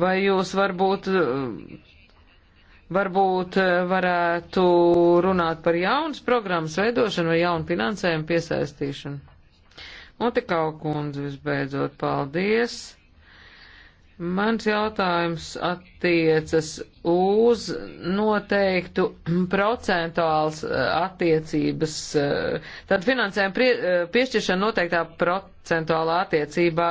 Vai jūs varbūt, varbūt varētu runāt par jaunas programmas veidošanu vai jaunu finansējumu piesaistīšanu? Motikau kundze visbeidzot, paldies! Mans jautājums attiecas uz noteiktu (clears throat) procentuāls eh, attiecības, eh, tad finansējuma eh, piešķiršana noteiktā procentuālā attiecībā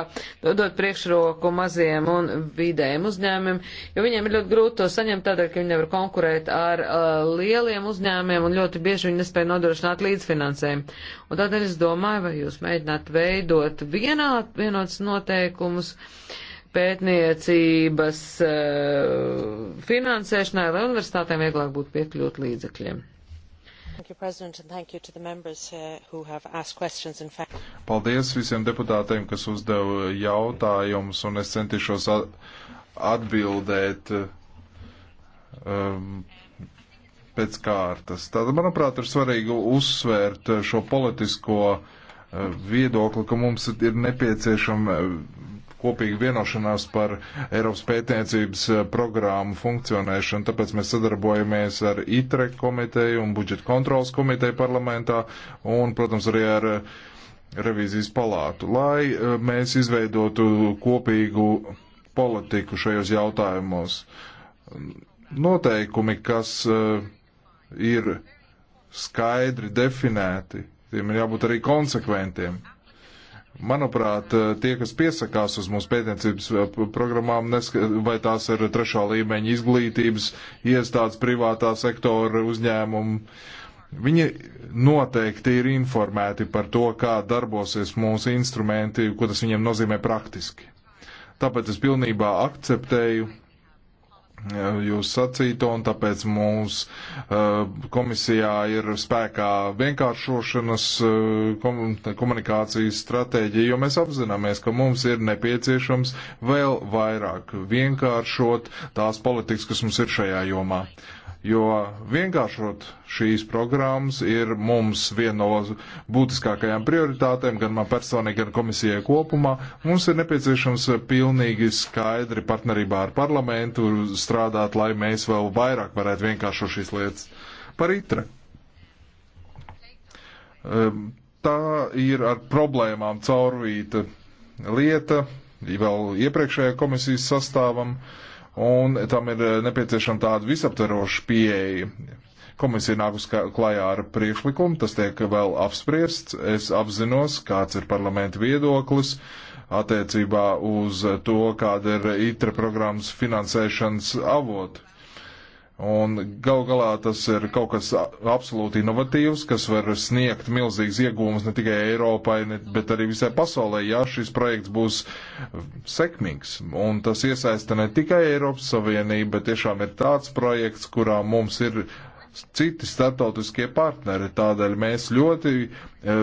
dodot priekšroku maziem un vidējiem uzņēmumiem, jo viņiem ir ļoti grūti to saņemt tādēļ, ka viņi nevar konkurēt ar uh, lieliem uzņēmumiem un ļoti bieži viņi nespēja nodrošināt līdzfinansējumu. Un tādēļ es domāju, vai jūs mēģināt veidot vienāt, vienots noteikumus. Uh, pētniecības eh, finansēšanai, lai universitātēm vieglāk būtu piekļūt līdzekļiem. Paldies visiem deputātiem, kas uzdeva jautājumus, un es centīšos atbildēt um, pēc kārtas. Tad, manuprāt, ir svarīgi uzsvērt šo politisko eh, viedokli, ka mums ir nepieciešama kopīgu vienošanās par Eiropas pētniecības eh, programmu funkcionēšanu, tāpēc mēs sadarbojamies ar ITRE komiteju un budžeta kontrolas komiteju parlamentā un, protams, arī ar eh, revīzijas palātu, lai eh, mēs izveidotu kopīgu politiku šajos jautājumos. Noteikumi, kas ir skaidri definēti, tiem ir jābūt arī konsekventiem. Manuprāt, eh, tie, kas piesakās uz mūsu pētniecības eh, programmām, vai tās ir trešā līmeņa izglītības iestādes, privātā sektora uzņēmumu, viņi noteikti ir informēti par to, kā darbosies mūsu instrumenti, ko tas viņiem nozīmē praktiski. Tāpēc es pilnībā akceptēju jūs sacīto, un tāpēc mums komisijā ir spēkā vienkāršošanas komunikācijas stratēģija, jo mēs apzināmies, ka mums ir nepieciešams vēl vairāk vienkāršot tās politikas, kas mums ir šajā jomā jo vienkāršot šīs programmas ir mums viena no būtiskākajām prioritātēm, gan man personīgi, gan komisijai kopumā. Mums ir nepieciešams pilnīgi skaidri partnerībā ar parlamentu strādāt, lai mēs vēl vairāk varētu vienkāršot šīs lietas par itre. Ehm, tā ir ar problēmām caurvīta lieta, vēl iepriekšējā komisijas sastāvam. Uh, un tam ir eh, nepieciešama tāda visaptveroša pieeja. Komisija nāk uz klajā ar priekšlikumu, tas tiek vēl apspriests. Es apzinos, kāds ir parlamenta viedoklis attiecībā uz to, kāda ir ITRE programmas finansēšanas avota Un gal galā tas ir kaut kas absolūti inovatīvs, kas var sniegt milzīgas iegūmas ne tikai Eiropai, bet arī visai pasaulē, ja šis projekts būs uh, sekmīgs. Un tas iesaista ne tikai Eiropas Savienību, bet tiešām ir tāds projekts, kurā mums ir citi startautiskie partneri. Tādēļ mēs ļoti e,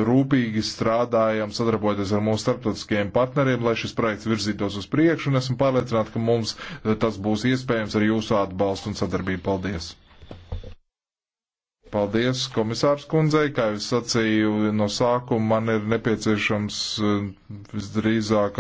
rūpīgi strādājam, sadarbojoties ar mūsu starptautiskajiem partneriem, lai šis projekts virzītos uz priekšu, un esmu pārliecināti, ka mums e, tas būs iespējams ar jūsu atbalstu un sadarbību. Paldies! Paldies komisārs kundzei, kā jau es sacīju no sākuma, man ir nepieciešams e, visdrīzāk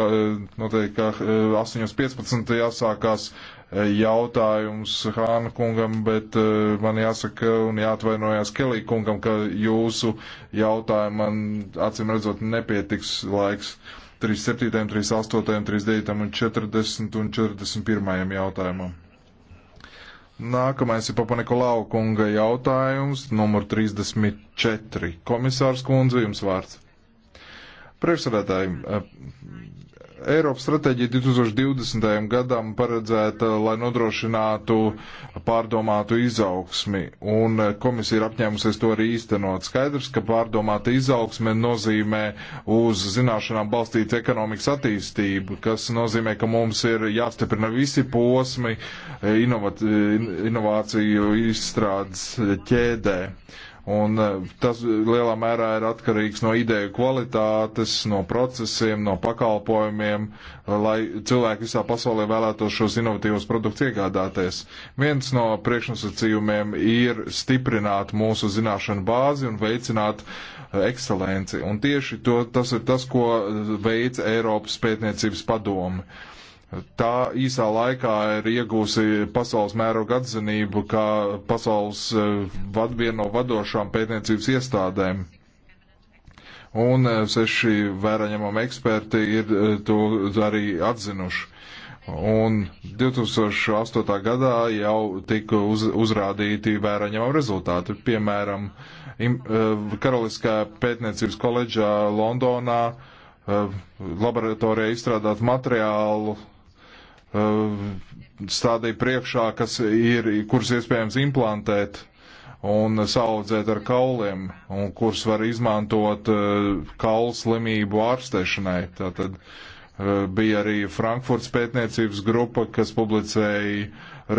noteikti, ka 8.15. jāsākās jautājums Hāna kungam, bet eh, man jāsaka un jāatvainojās Kelī kungam, ka jūsu jautājumu man acīm redzot nepietiks laiks 37, 38, 39 un 40 un 41 jautājumam. Nākamais ir Papanikolau kunga jautājums, numur 34. Komisārs kundze, jums vārds. Priekšsēdētāji, eh, Eiropas stratēģija 2020. gadam paredzēta, lai nodrošinātu pārdomātu izaugsmi, un komisija ir apņēmusies to arī īstenot. Skaidrs, ka pārdomāta izaugsme nozīmē uz zināšanām balstīt ekonomikas attīstību, kas nozīmē, ka mums ir jāstiprina visi posmi inovāciju izstrādes ķēdē. Un eh, tas lielā mērā ir atkarīgs no ideju kvalitātes, no procesiem, no pakalpojumiem, eh, lai cilvēki visā pasaulē vēlētos šos inovatīvos produktus iegādāties. Viens no priekšnosacījumiem ir stiprināt mūsu zināšanu bāzi un veicināt eh, ekscelenci. Un tieši to, tas ir tas, ko veids Eiropas pētniecības padomi. Uh, tā īsā laikā ir iegūsi pasaules mēroga atzinību kā pasaules eh, vad, viena no vadošām pētniecības iestādēm. Un eh, seši vēraņemam eksperti ir eh, to arī atzinuši. Un 2008. gadā jau tika uz, uzrādīti vēraņemam rezultāti. Piemēram, im, Karaliskajā pētniecības koledžā Londonā laboratorijā izstrādāt materiālu Uh, stādīja priekšā, kas ir, kurus iespējams implantēt un saudzēt ar kauliem, un kurus var izmantot uh, kaulu slimību ārstēšanai. Tātad uh, bija arī Frankfurts pētniecības grupa, kas publicēja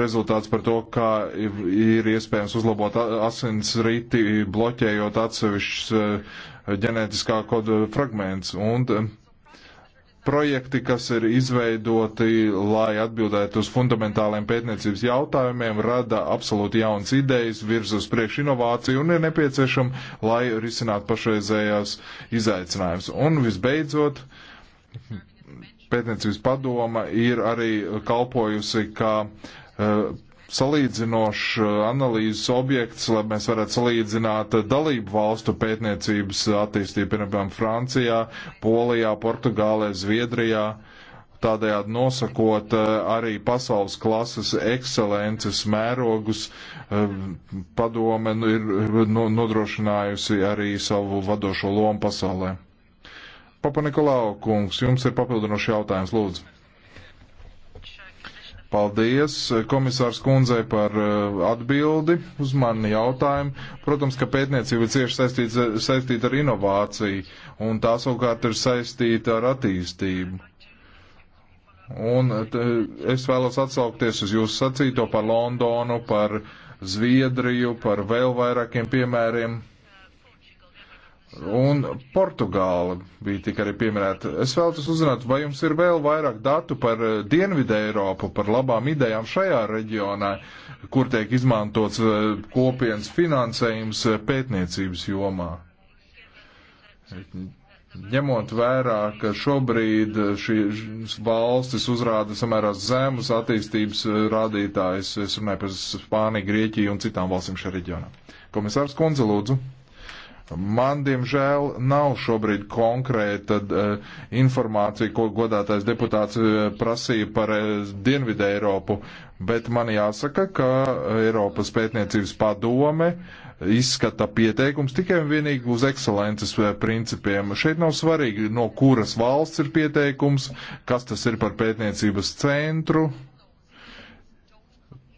rezultāts par to, kā ir iespējams uzlabot asins riti, bloķējot atsevišķus ģenētiskā koda fragments. Un projekti, kas ir izveidoti, lai atbildētu uz fundamentāliem pētniecības jautājumiem, rada absolūti jaunas idejas, virza uz priekšu inovāciju un ir nepieciešama, lai risinātu pašreizējās izaicinājumus. Un visbeidzot, pētniecības padoma ir arī kalpojusi kā uh, salīdzinošs uh, analīzes objekts, lai mēs varētu salīdzināt uh, dalību valstu pētniecības attīstību, piemēram, Francijā, Polijā, Portugālē, Zviedrijā, tādējādi nosakot uh, arī pasaules klases ekscelences mērogus. Padome nu ir nu, nodrošinājusi arī savu vadošo lomu pasaulē. Papa Nikolau kungs, jums ir papildinošs jautājums, lūdzu. Paldies eh, komisārs kundzei par eh, atbildi uz mani jautājumu. Protams, ka pētniecība ir cieši saistīta, saistīta ar inovāciju, un tā savukārt ir saistīta ar attīstību. Un eh, es vēlos atsaukties uz jūsu sacīto par Londonu, par Zviedriju, par vēl vairākiem piemēriem. Un Portugāla bija tik arī pieminēta. Es vēlos uzzināt, vai jums ir vēl vairāk datu par eh, Dienvidu Eiropu, par labām idejām šajā reģionā, kur tiek izmantots eh, kopienas finansējums eh, pētniecības jomā. Ņemot vērā, ka šobrīd šīs valstis uzrāda samērā zemus attīstības rādītājus, es runāju par Spāniju, Grieķiju un citām valstīm šajā reģionā. Komisārs Konze, lūdzu. Man, diemžēl, nav šobrīd konkrēta uh, informācija, ko godātais deputāts uh, prasīja par uh, Dienvidu Eiropu, bet man jāsaka, ka Eiropas pētniecības padome izskata pieteikums tikai un vienīgi uz ekscelences principiem. Šeit nav svarīgi, no kuras valsts ir pieteikums, kas tas ir par pētniecības centru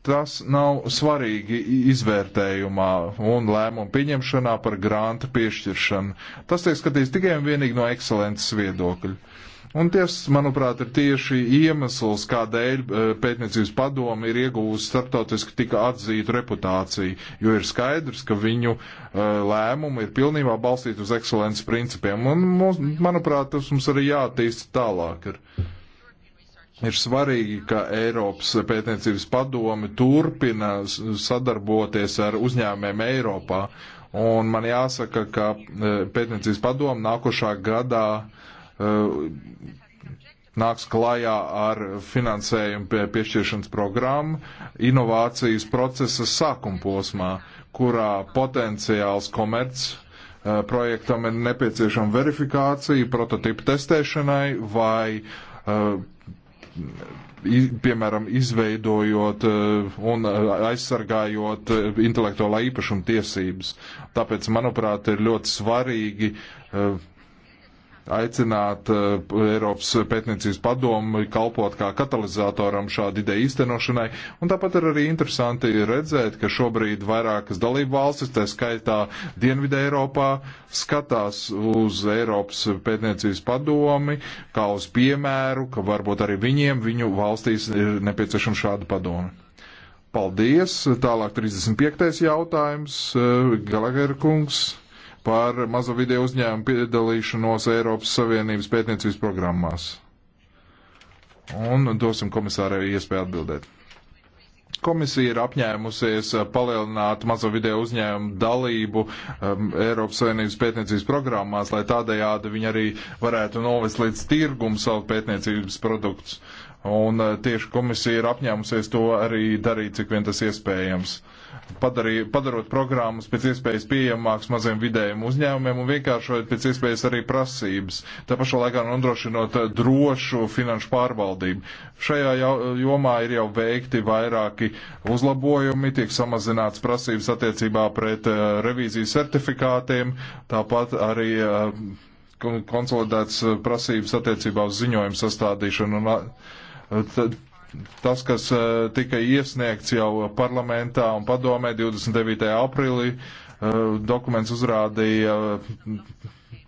tas nav svarīgi izvērtējumā un lēmumu pieņemšanā par grāntu piešķiršanu. Tas tiek skatīts tikai un vienīgi no ekscelences viedokļa. Un ties, manuprāt, ir tieši iemesls, kādēļ eh, pētniecības padomi ir iegūst starptautiski tik atzītu reputāciju, jo ir skaidrs, ka viņu eh, lēmumi ir pilnībā balstīti uz ekscelences principiem. Un, mums, manuprāt, tas mums arī jātīst tālāk. Ir. Ir svarīgi, ka Eiropas pētniecības padome turpina sadarboties ar uzņēmēm Eiropā. Un man jāsaka, ka e, pētniecības padome nākošā gadā e, nāks klajā ar finansējumu pie piešķiršanas programmu inovācijas procesa sākuma posmā, kurā potenciāls komerc e, projektam ir nepieciešama verifikācija, prototipu testēšanai vai uh, piemēram, izveidojot eh, un eh, aizsargājot eh, intelektuālā īpašuma tiesības. Tāpēc, manuprāt, ir ļoti svarīgi aicināt eh, Eiropas pētniecības padomu kalpot kā katalizatoram šādu ideju īstenošanai. Un tāpat ir arī interesanti redzēt, ka šobrīd vairākas dalību valstis, tā skaitā Dienvidē Eiropā, skatās uz Eiropas pētniecības padomi kā uz piemēru, ka varbūt arī viņiem viņu valstīs ir nepieciešama šāda padoma. Paldies! Tālāk 35. jautājums. Eh, Galagher kungs par mazo video uzņēmumu piedalīšanos Eiropas Savienības pētniecības programmās. Un dosim komisārai iespēju atbildēt. Komisija ir apņēmusies uh, palielināt mazo video uzņēmumu dalību um, Eiropas Savienības pētniecības programmās, lai tādējādi viņi arī varētu novest līdz tirgumu savu pētniecības produktus. Un uh, tieši komisija ir apņēmusies to arī darīt, cik vien tas iespējams. Uh, padarī, padarot programmas pēc iespējas pieejamākas maziem vidējiem uzņēmumiem un vienkāršojot pēc iespējas arī prasības, tā pašā laikā nodrošinot drošu finanšu pārvaldību. Šajā jomā ir jau veikti vairāki uzlabojumi, tiek samazināts prasības attiecībā pret eh, revīzijas certifikātiem, tāpat arī eh, konsolidēts prasības attiecībā uz ziņojumu sastādīšanu. Un, eh, tad, tas, kas eh, tika iesniegts jau parlamentā un padomē 29. aprīlī, eh, dokuments uzrādīja mm,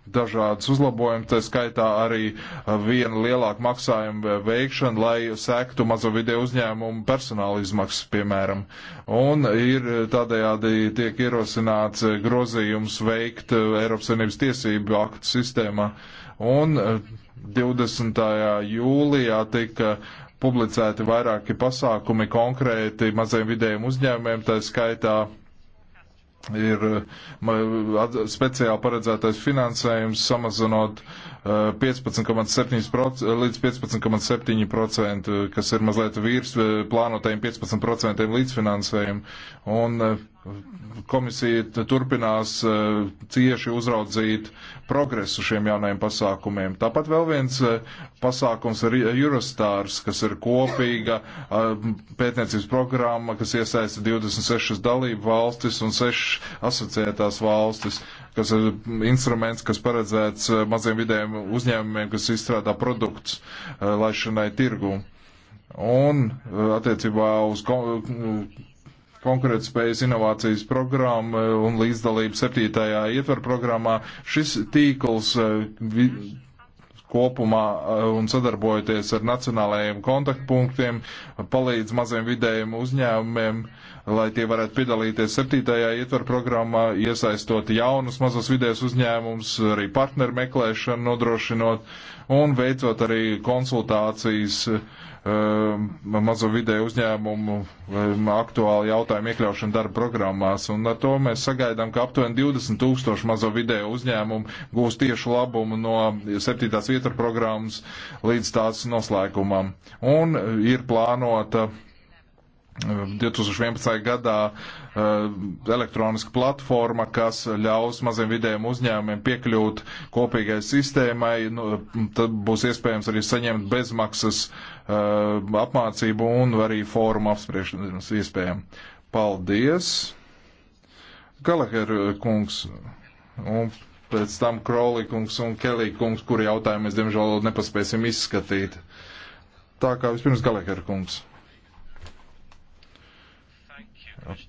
dažādas uzlabojumus, tā skaitā arī eh, vienu lielāku maksājumu veikšanu, lai sektu mazo video uzņēmumu personāla izmaksas, piemēram. Un ir tādējādi tiek ierosināts grozījums veikt Eiropas Savienības tiesību aktu sistēmā. Un 20. jūlijā tika publicēti vairāki pasākumi konkrēti maziem vidējiem uzņēmumiem, tā skaitā ir speciāli paredzētais finansējums samazinot 15,7% eh, līdz 15,7%, kas ir mazliet virs eh, plānotajiem 15% līdzfinansējumu. Un eh, Komisija turpinās e, cieši uzraudzīt progresu šiem jaunajiem pasākumiem. Tāpat vēl viens e, pasākums ir Eurostars, kas ir kopīga e, pētniecības programma, kas iesaista 26 dalību valstis un 6 asociētās valstis kas ir instruments, kas paredzēts maziem vidējiem uzņēmumiem, kas izstrādā produkts laišanai tirgu. Un attiecībā uz konkurētspējas inovācijas programma un līdzdalība septītajā ietver programmā. Šis tīkls eh, kopumā eh, un sadarbojoties ar nacionālajiem kontaktpunktiem palīdz maziem vidējiem uzņēmumiem, lai tie varētu piedalīties septītajā ietver programmā, iesaistot jaunus mazos vidējos uzņēmumus, arī partneru meklēšanu nodrošinot un veicot arī konsultācijas uh, Um, mazo vidēju uzņēmumu um, aktuāli jautājumu iekļaušanu darba programmās. Un ar to mēs sagaidām, ka aptuveni 20 tūkstoši mazo vidēju uzņēmumu gūs tieši labumu no 7. vietra programmas līdz tās noslēgumam. Un ir plānota 2011. Um, gadā uh, elektroniska platforma, kas ļaus maziem vidējiem uzņēmumiem piekļūt kopīgai sistēmai. Nu, tad būs iespējams arī saņemt bezmaksas Uh, apmācību un arī fórumu apspriešanas iespējām. Paldies! Galaher kungs un pēc tam Kroli kungs un Kelī kungs, kuri jautājumu mēs diemžēl nepaspēsim izskatīt. Tā kā vispirms Galaher kungs.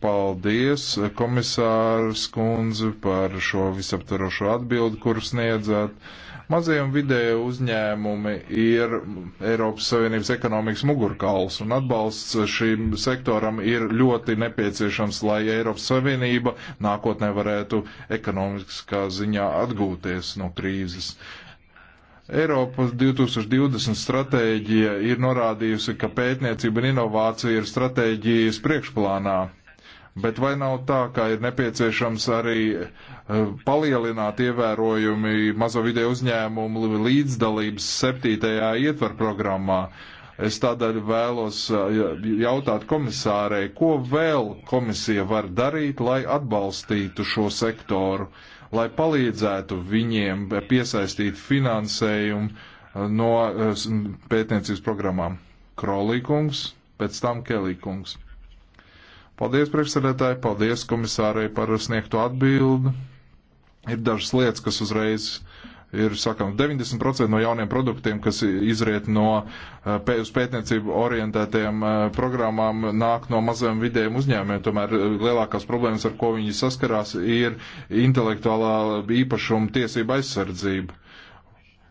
Paldies, komisārs kundze, par šo visaptarošo atbildi, kuru sniedzāt. Mazie un vidēji uzņēmumi ir Eiropas Savienības ekonomikas mugurkauls, un atbalsts šim sektoram ir ļoti nepieciešams, lai Eiropas Savienība nākotnē varētu ekonomiskā ziņā atgūties no krīzes. Eiropas 2020 stratēģija ir norādījusi, ka pētniecība un inovācija ir stratēģijas priekšplānā Bet vai nav tā, ka ir nepieciešams arī eh, palielināt ievērojumi mazo video uzņēmumu līdzdalības septītajā ietvar programmā? Es tādēļ vēlos eh, jautāt komisārei, ko vēl komisija var darīt, lai atbalstītu šo sektoru, lai palīdzētu viņiem piesaistīt finansējumu eh, no pētniecības programmām. Krolīkungs, pēc tam Kelīkungs. Paldies, priekšsēdētāji, paldies komisārai par sniegto atbildi. Ir dažas lietas, kas uzreiz ir sakām 90% no jauniem produktiem, kas izriet no eh, uz pētniecību orientētajām eh, programmām, nāk no mazajiem vidējiem uzņēmiem. Tomēr eh, lielākās problēmas, ar ko viņi saskarās, ir intelektuālā īpašuma tiesība aizsardzība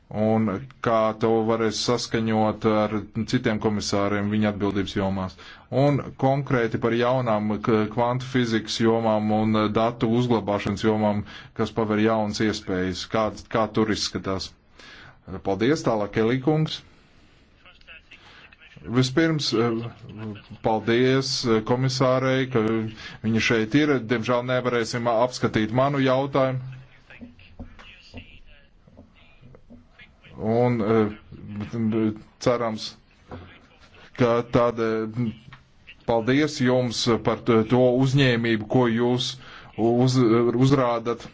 un kā to varēs saskaņot ar citiem komisāriem viņa atbildības jomās. Un konkrēti par jaunām kvantu fizikas jomām un datu uzglabāšanas jomām, kas paver jaunas iespējas, kā, kā tur izskatās. Paldies, tālāk Elikungs. Vispirms, eh, paldies komisārei, ka viņa šeit ir. Diemžēl nevarēsim apskatīt manu jautājumu. Un e, cerams, ka tāda e, paldies jums par to uzņēmību, ko jūs uz, uzrādat.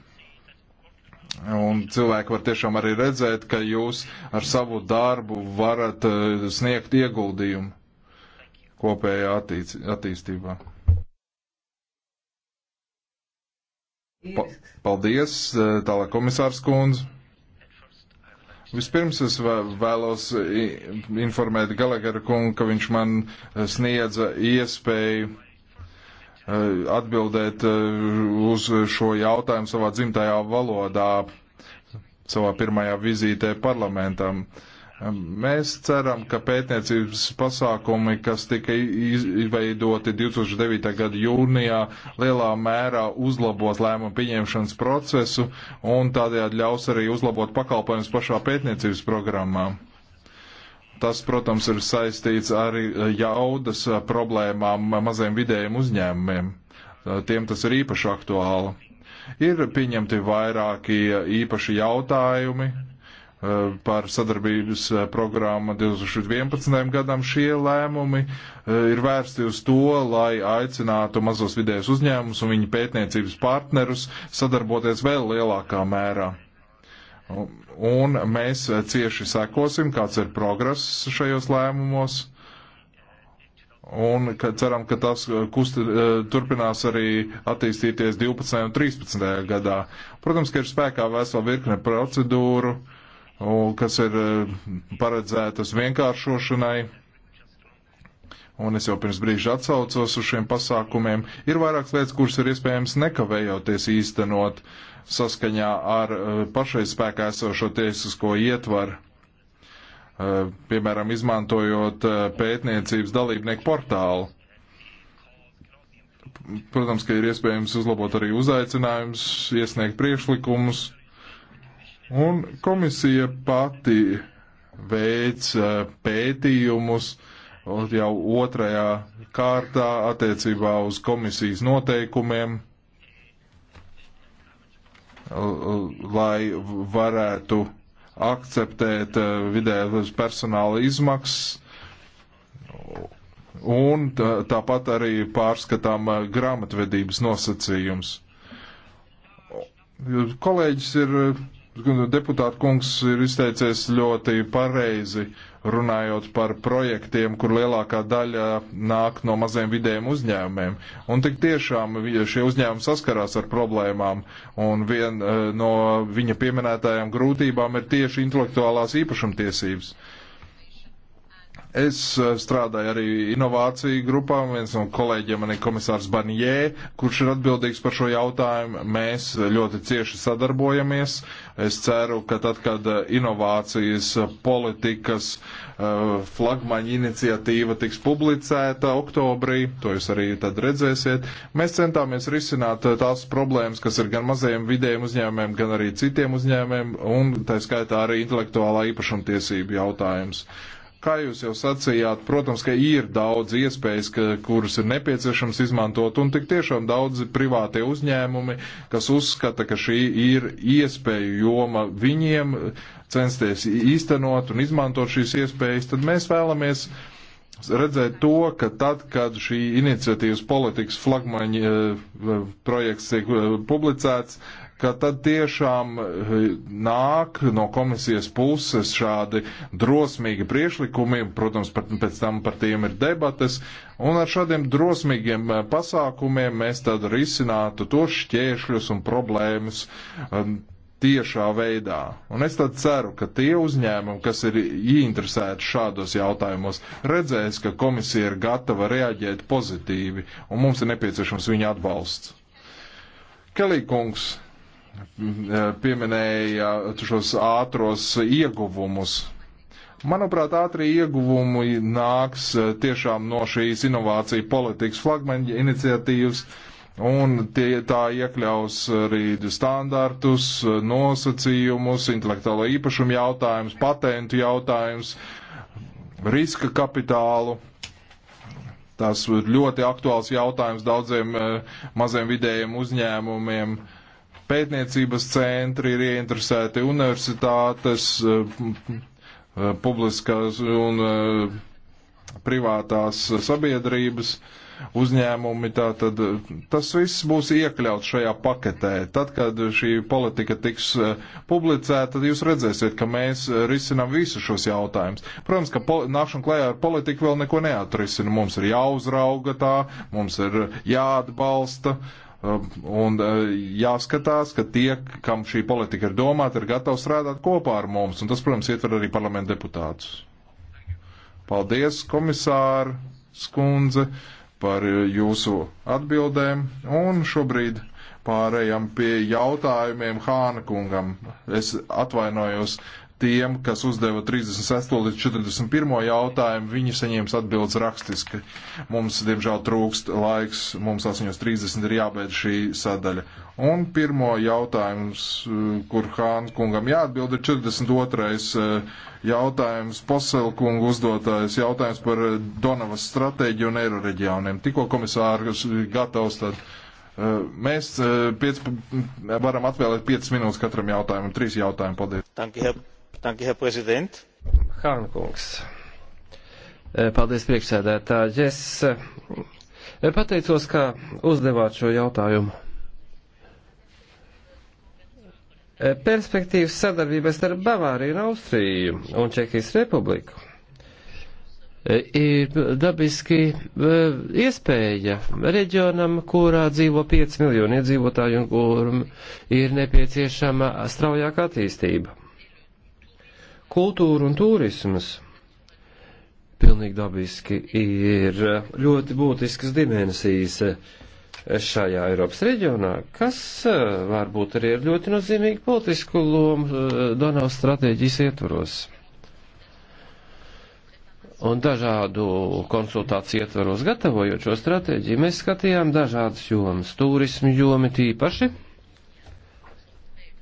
Un cilvēki var tiešām arī redzēt, ka jūs ar savu darbu varat e, sniegt ieguldījumu kopējā attīc, attīstībā. Pa, paldies, tālāk komisārs Kunz. Vispirms es vēlos informēt Galagara kungu, ka viņš man e, sniedza iespēju e, atbildēt e, uz šo jautājumu savā dzimtajā valodā, savā pirmajā vizītē parlamentam. Uh, Mēs ceram, ka pētniecības pasākumi, kas tika izveidoti 2009. gada jūnijā, lielā mērā uzlabos lēmumu pieņemšanas procesu un tādējādi ļaus arī uzlabot pakalpojumus pašā pētniecības programmā. Tas, protams, ir saistīts ar jaudas problēmām maziem vidējiem uzņēmumiem. Tiem tas ir īpaši aktuāli. Ir pieņemti vairāki īpaši jautājumi, Eh, par sadarbības eh, programmu 2011. gadam. Šie lēmumi eh, ir vērsti uz to, lai aicinātu mazos vidējos uzņēmumus un viņu pētniecības partnerus sadarboties vēl lielākā mērā. Un mēs cieši sekosim, kāds ir progress šajos lēmumos. Un ka ceram, ka tas kusti, turpinās arī attīstīties 12. un 13. gadā. Protams, ka ir spēkā vesela virkne procedūru, uh, kas ir eh, paredzētas vienkāršošanai, un es jau pirms brīža atsaucos uz šiem pasākumiem, ir vairākas lietas, kuras ir iespējams nekavējoties īstenot saskaņā ar eh, pašai spēkā esošo tiesisko ietvaru. Eh, piemēram, izmantojot pētniecības dalībnieku portālu. Protams, ka ir iespējams uzlabot arī uzaicinājums, iesniegt priekšlikumus, Un komisija pati veic eh, pētījumus jau otrajā kārtā attiecībā uz komisijas noteikumiem, lai varētu akceptēt eh, vidējas personāla izmaksas. Un tāpat arī pārskatām eh, grāmatvedības nosacījums. Kolēģis ir Deputāta kungs ir izteicies ļoti pareizi runājot par projektiem, kur lielākā daļa nāk no maziem vidējiem uzņēmumiem. Un tik tiešām šie uzņēmumi saskarās ar problēmām, un viena eh, no viņa pieminētajām grūtībām ir tieši intelektuālās īpašumtiesības. Es eh, strādāju arī inovāciju grupā, viens no kolēģiem man ir komisārs Banjē, kurš ir atbildīgs par šo jautājumu. Mēs ļoti cieši sadarbojamies. Es ceru, ka tad, kad eh, inovācijas politikas eh, flagmaņa iniciatīva tiks publicēta oktobrī, to jūs arī tad redzēsiet, mēs centāmies risināt tās problēmas, kas ir gan mazajiem vidējiem uzņēmumiem, gan arī citiem uzņēmumiem, un tā skaitā arī intelektuālā īpašumtiesība jautājums. Uh, Kā jūs jau sacījāt, protams, ka ir daudz iespējas, ka, kuras ir nepieciešams izmantot, un tik tiešām daudzi privātie uzņēmumi, kas uzskata, ka šī ir iespēju joma viņiem censties īstenot un izmantot šīs iespējas, tad mēs vēlamies redzēt to, ka tad, kad šī iniciatīvas politikas flagmaņa eh, projekts tiek eh, publicēts, ka tad tiešām eh, nāk no komisijas puses šādi drosmīgi priešlikumi, protams, pēc tam par tiem ir debates, un ar šādiem drosmīgiem eh, pasākumiem mēs tad risinātu tos šķēršļus un problēmas um, tiešā veidā. Un es tad ceru, ka tie uzņēmumi, kas ir ieinteresēti šādos jautājumos, redzēs, ka komisija ir gatava reaģēt pozitīvi, un mums ir nepieciešams viņa atbalsts. Kelī kungs, pieminēja šos ātros ieguvumus. Manuprāt, ātrie ieguvumi nāks tiešām no šīs inovāciju politikas flagmaņa iniciatīvas, un tie, tā iekļaus arī standartus, nosacījumus, intelektuālo īpašumu jautājumus, patentu jautājumus, riska kapitālu. Tas ir ļoti aktuāls jautājums daudziem eh, maziem vidējiem uzņēmumiem. Uh, Pētniecības centri ir ieinteresēti, universitātes, eh, eh, publiskās un eh, privātās sabiedrības uzņēmumi. Tātad tas viss būs iekļauts šajā paketē. Tad, kad šī politika tiks publicēta, tad jūs redzēsiet, ka mēs risinām visus šos jautājumus. Protams, ka nākšana klējā ar politiku vēl neko neatrisina. Mums ir jāuzrauga tā, mums ir jāatbalsta. Uh, Um, un uh, jāskatās, ka tie, kam šī politika ir domāta, ir gatavi strādāt kopā ar mums. Un tas, protams, ietver arī parlamentu deputātus. Paldies, komisāri Skundze, par jūsu atbildēm. Un šobrīd pārējām pie jautājumiem Hāna kungam. Es atvainojos tiem, kas uzdeva 36. līdz 41. jautājumu, viņi saņēma atbildes rakstiski. Mums, diemžēl, trūkst laiks, mums 8.30 ir jābeidz šī sadaļa. Un pirmo jautājums, kur Hāna kungam jāatbild, ir 42. Eh, jautājums, poselkungu uzdotais jautājums par eh, Donavas stratēģiju un eiro reģioniem. Tikko komisārs gatavs tad. Eh, mēs piec, varam atvēlēt 5 minūtes katram jautājumam, 3 jautājumu. Paldies! Danke, Herr Präsident! Hārnkungs. Eh, paldies, priekšsēdētāji. Es eh, pateicos, ka uzdevāt šo jautājumu. Eh, perspektīvas sadarbības starp Bavāriju un Austriju un Čehijas republiku ir dabiski iespēja reģionam, kurā dzīvo 5 miljoni iedzīvotāju un kuram ir nepieciešama straujāka attīstība. Kultūra un turismas pilnīgi dabiski ir ļoti būtiskas dimensijas šajā Eiropas reģionā, kas eh, varbūt arī ir ļoti nozīmīgi politisku lomu eh, Donavas stratēģijas ietvaros. Un dažādu konsultāciju ietvaros gatavojot šo stratēģiju, mēs skatījām dažādas jomas, turismu jomi tīpaši,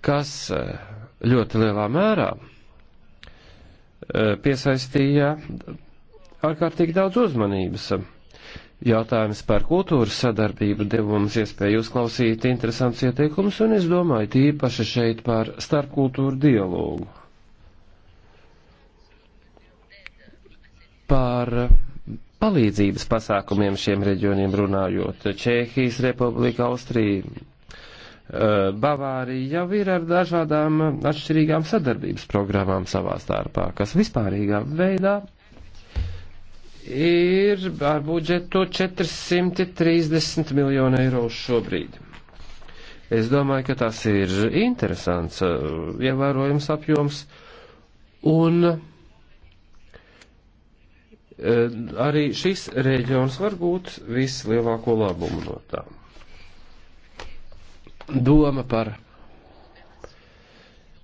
kas eh, ļoti lielā mērā Eh, piesaistīja ārkārtīgi daudz uzmanības. Jautājums par kultūras sadarbību deva mums iespēju uzklausīt interesants ieteikums, un es domāju tīpaši šeit par starpkultūru dialogu. Par palīdzības pasākumiem šiem reģioniem runājot, Čehijas republika, Austrija, Eh, Bavārija jau ir ar dažādām atšķirīgām sadarbības programmām savā starpā, kas vispārīgā veidā ir ar budžetu 430 miljonu eiro šobrīd. Es domāju, ka tas ir interesants, eh, ievērojams apjoms, un eh, arī šis reģions var būt vislielāko labumu no tām doma par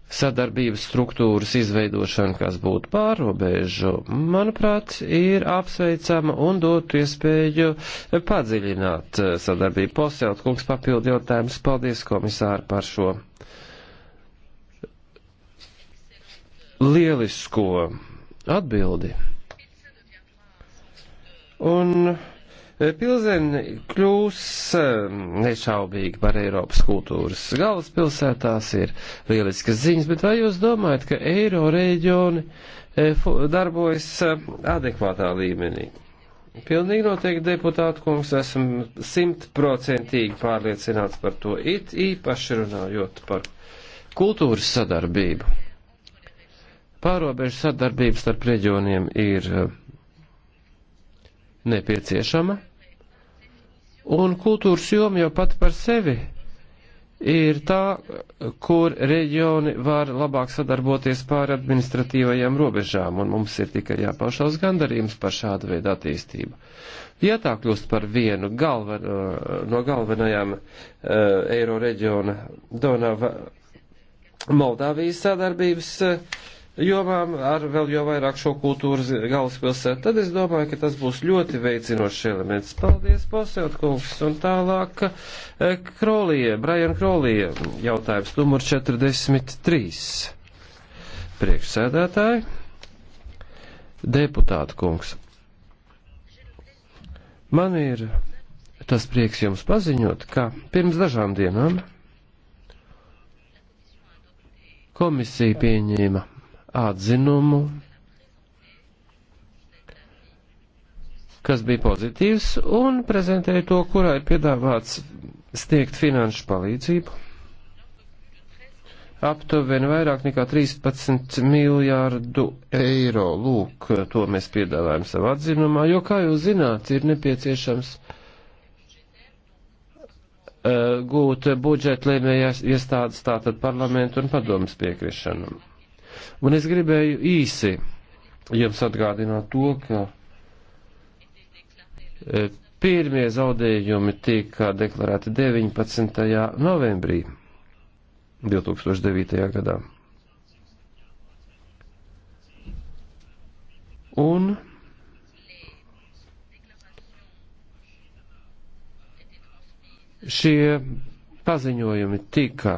sadarbības struktūras izveidošana, kas būtu pārobežu, manuprāt, ir apsveicama un dotu iespēju padziļināt sadarbību. Posēlt kungs papildu jautājums. Paldies, komisāri, par šo lielisko atbildi. Un Pilzeni kļūs ehm, nešaubīgi par Eiropas kultūras galvaspilsētās, ir lieliskas ziņas, bet vai jūs domājat, ka eiro reģioni e, darbojas ehm, adekvātā līmenī? Pilnīgi noteikti deputātu kungs esmu simtprocentīgi pārliecināts par to, it īpaši runājot par kultūras sadarbību. Pārobežu sadarbības starp reģioniem ir ehm, nepieciešama Un kultūras joma jau pat par sevi ir tā, kur reģioni var labāk sadarboties pāri administratīvajām robežām, un mums ir tikai jāpaušās gandarījums par šādu veidu attīstību. Ja tā kļūst par vienu galven, eh, no galvenajām uh, eiro reģiona Donava Moldāvijas sadarbības uh, jomām ar vēl jau vairāk šo kultūras galvaspilsētu, tad es domāju, ka tas būs ļoti veicinošs elements. Paldies, Posēt kungs, un tālāk eh, Krolie, Brian Krolie, jautājums numur 43. Priekšsēdētāji, deputāta kungs. Man ir tas prieks jums paziņot, ka pirms dažām dienām komisija pieņēma atzinumu, kas bija pozitīvs, un prezentēja to, kurā ir piedāvāts sniegt finanšu palīdzību aptuveni vairāk nekā 13 miljārdu eiro. Lūk, to mēs piedāvājam savā atzinumā, jo, kā jūs zināt, ir nepieciešams uh, gūt budžeta lēmējas iestādes, tātad parlamentu un padomas piekrišanu. Un es gribēju īsi jums atgādināt to, ka e, pirmie zaudējumi tika deklarēti 19. novembrī 2009. gadā. Un šie paziņojumi tika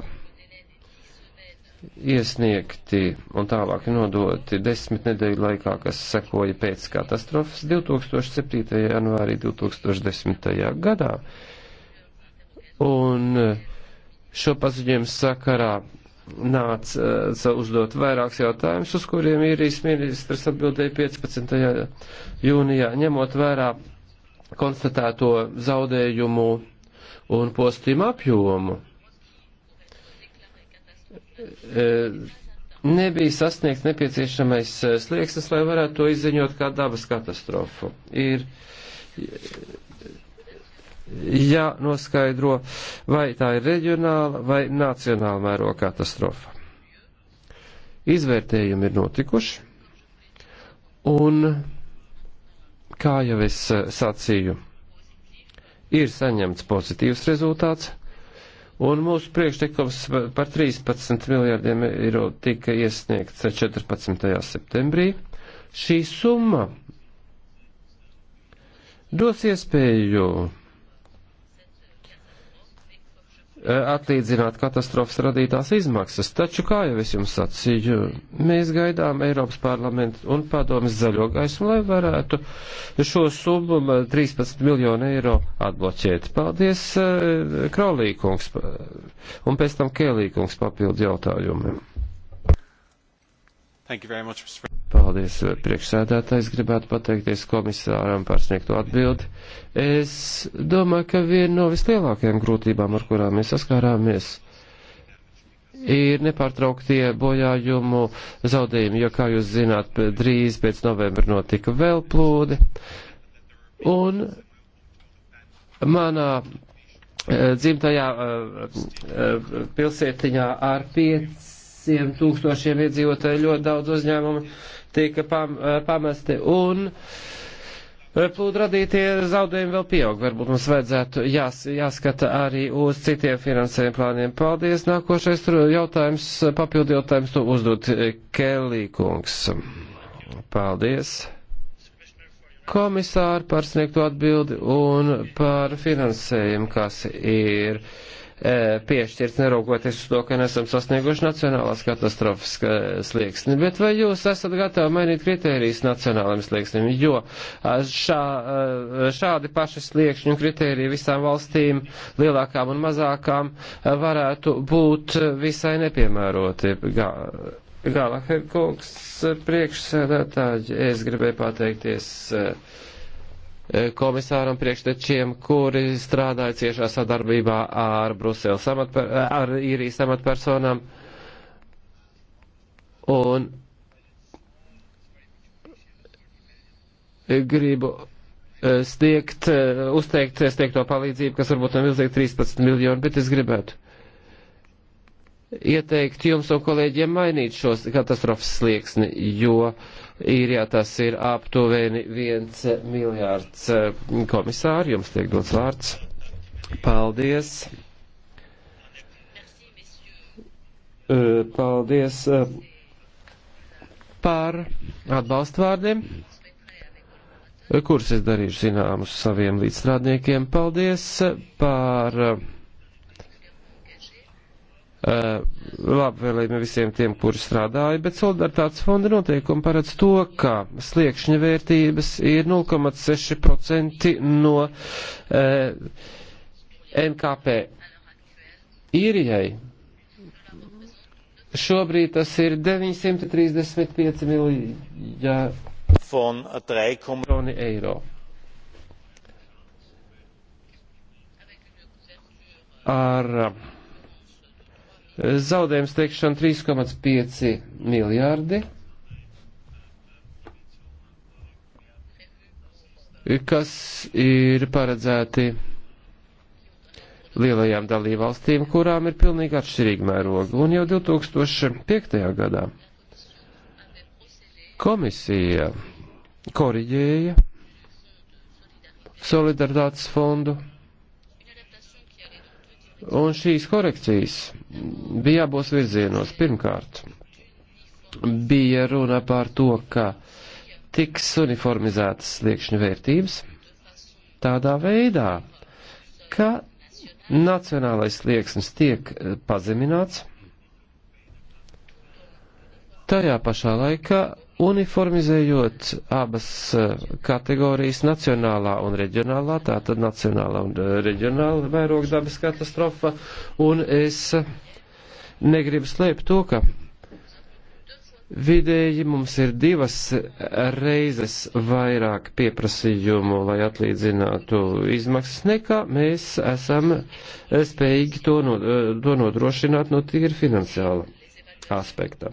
iesniegti un tālāk nodoti desmit nedēļu laikā, kas sekoja pēc katastrofas 2007. janvārī 2010. gadā. Un eh, šo paziņojumu sakarā nāca eh, uzdot vairākus jautājumus, uz kuriem īrijas ministrs atbildēja 15. jūnijā, ņemot vērā konstatēto zaudējumu un postījumu apjomu E, nebija sasniegts nepieciešamais e, slieksnis, lai varētu to izziņot kā dabas katastrofu. Ir e, jānoskaidro, vai tā ir reģionāla vai nacionāla mēroga katastrofa. Izvērtējumi ir notikuši, un, kā jau es sacīju, ir saņemts pozitīvs rezultāts Un mūsu priekšlikums par 13 miljārdiem eiro tika iesniegts 14. septembrī. Šī summa dos iespēju Eh, atlīdzināt katastrofas radītās izmaksas. Taču, kā jau es jums sacīju, mēs gaidām Eiropas parlamentu un padomas zaļo gaismu, lai varētu šo summu 13 eh, miljonu eiro atbloķēt. Paldies, eh, Kraulīkungs, un pēc tam Kēlīkungs papildu jautājumiem. Paldies, priekšsēdētājs. Gribētu pateikties komisāram par sniegto atbildi. Es domāju, ka viena no vislielākajām grūtībām, ar kurām mēs saskārāmies, ir nepārtrauktie bojājumu zaudējumi, jo, kā jūs zināt, drīz pēc novembra notika vēl plūdi. Un manā eh, dzimtajā eh, eh, pilsētiņā ar 5 pieciem tūkstošiem iedzīvotāju ļoti daudz uzņēmumu tika pam, eh, pamesti un eh, plūdu radītie zaudējumi vēl pieaug. Varbūt mums vajadzētu jās, jāskata arī uz citiem finansējuma plāniem. Paldies. Nākošais jautājums, papildu jautājums to uzdot Kelī kungs. Paldies. Komisāri par sniegto atbildi un par finansējumu, kas ir. Uh, E, piešķirts neraugoties uz to, ka nesam sasnieguši nacionālās katastrofas slieksni, bet vai jūs esat gatavi mainīt kritērijas nacionālajiem slieksnim, jo šā, šādi paši sliekšņi un kritēriji visām valstīm, lielākām un mazākām, varētu būt visai nepiemēroti. Gā, Gālaher kungs, priekšsēdētāji, es gribēju pateikties. Uh, komisāram priekštečiem, kuri strādāja ciešā sadarbībā ar Bruseles amatper, ar īrijas amatpersonām. Un gribu eh, sniegt, eh, uzteikt, sniegt to palīdzību, kas varbūt nav milzīgi 13 miljoni, bet es gribētu ieteikt jums un kolēģiem mainīt šos katastrofas slieksni, jo uh, īrijā tas ir aptuveni viens miljārds eh, komisāri, jums tiek dots vārds. Paldies. Eh, paldies eh, par atbalstu vārdiem, kurus es darīšu zināmus saviem līdzstrādniekiem. Paldies par Eh, labvēlējumi visiem tiem, kuri strādāja, bet solidaritātes fonda noteikumi paredz to, ka sliekšņa vērtības ir 0,6% no eh, NKP. Īrijai šobrīd tas ir 935 miljoni eiro. Ar uh, Zaudējums teikšana 3,5 miljārdi, kas ir paredzēti lielajām dalībvalstīm, kurām ir pilnīgi atšķirīga mēroga. Un jau 2005. gadā komisija koriģēja solidaritātes fondu, un šīs korekcijas bija abos virzienos. Pirmkārt, bija runa par to, ka tiks uniformizētas sliekšņu vērtības tādā veidā, ka nacionālais slieksnis tiek eh, pazemināts, tajā pašā laikā uniformizējot abas eh, kategorijas, nacionālā un reģionālā, tātad nacionālā un eh, reģionāla vairogs dabas katastrofa, un es eh, negribu slēpt to, ka vidēji mums ir divas reizes vairāk pieprasījumu, lai atlīdzinātu izmaksas, nekā mēs esam spējīgi to, no, to nodrošināt no tīri finansiāla aspekta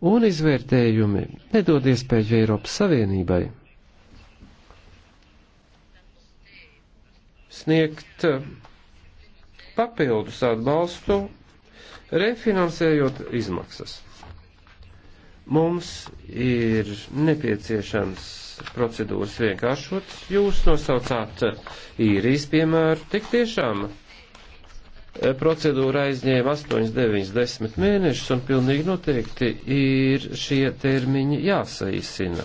un izvērtējumi nedod iespēju Eiropas Savienībai sniegt eh, papildus atbalstu, refinansējot izmaksas. Mums ir nepieciešams procedūras vienkāršots. Jūs nosaucāt eh, īrijas piemēru tik tiešām Eh, procedūra aizņēma 8, 9, 10 mēnešus, un pilnīgi noteikti ir šie termiņi jāsaīsina.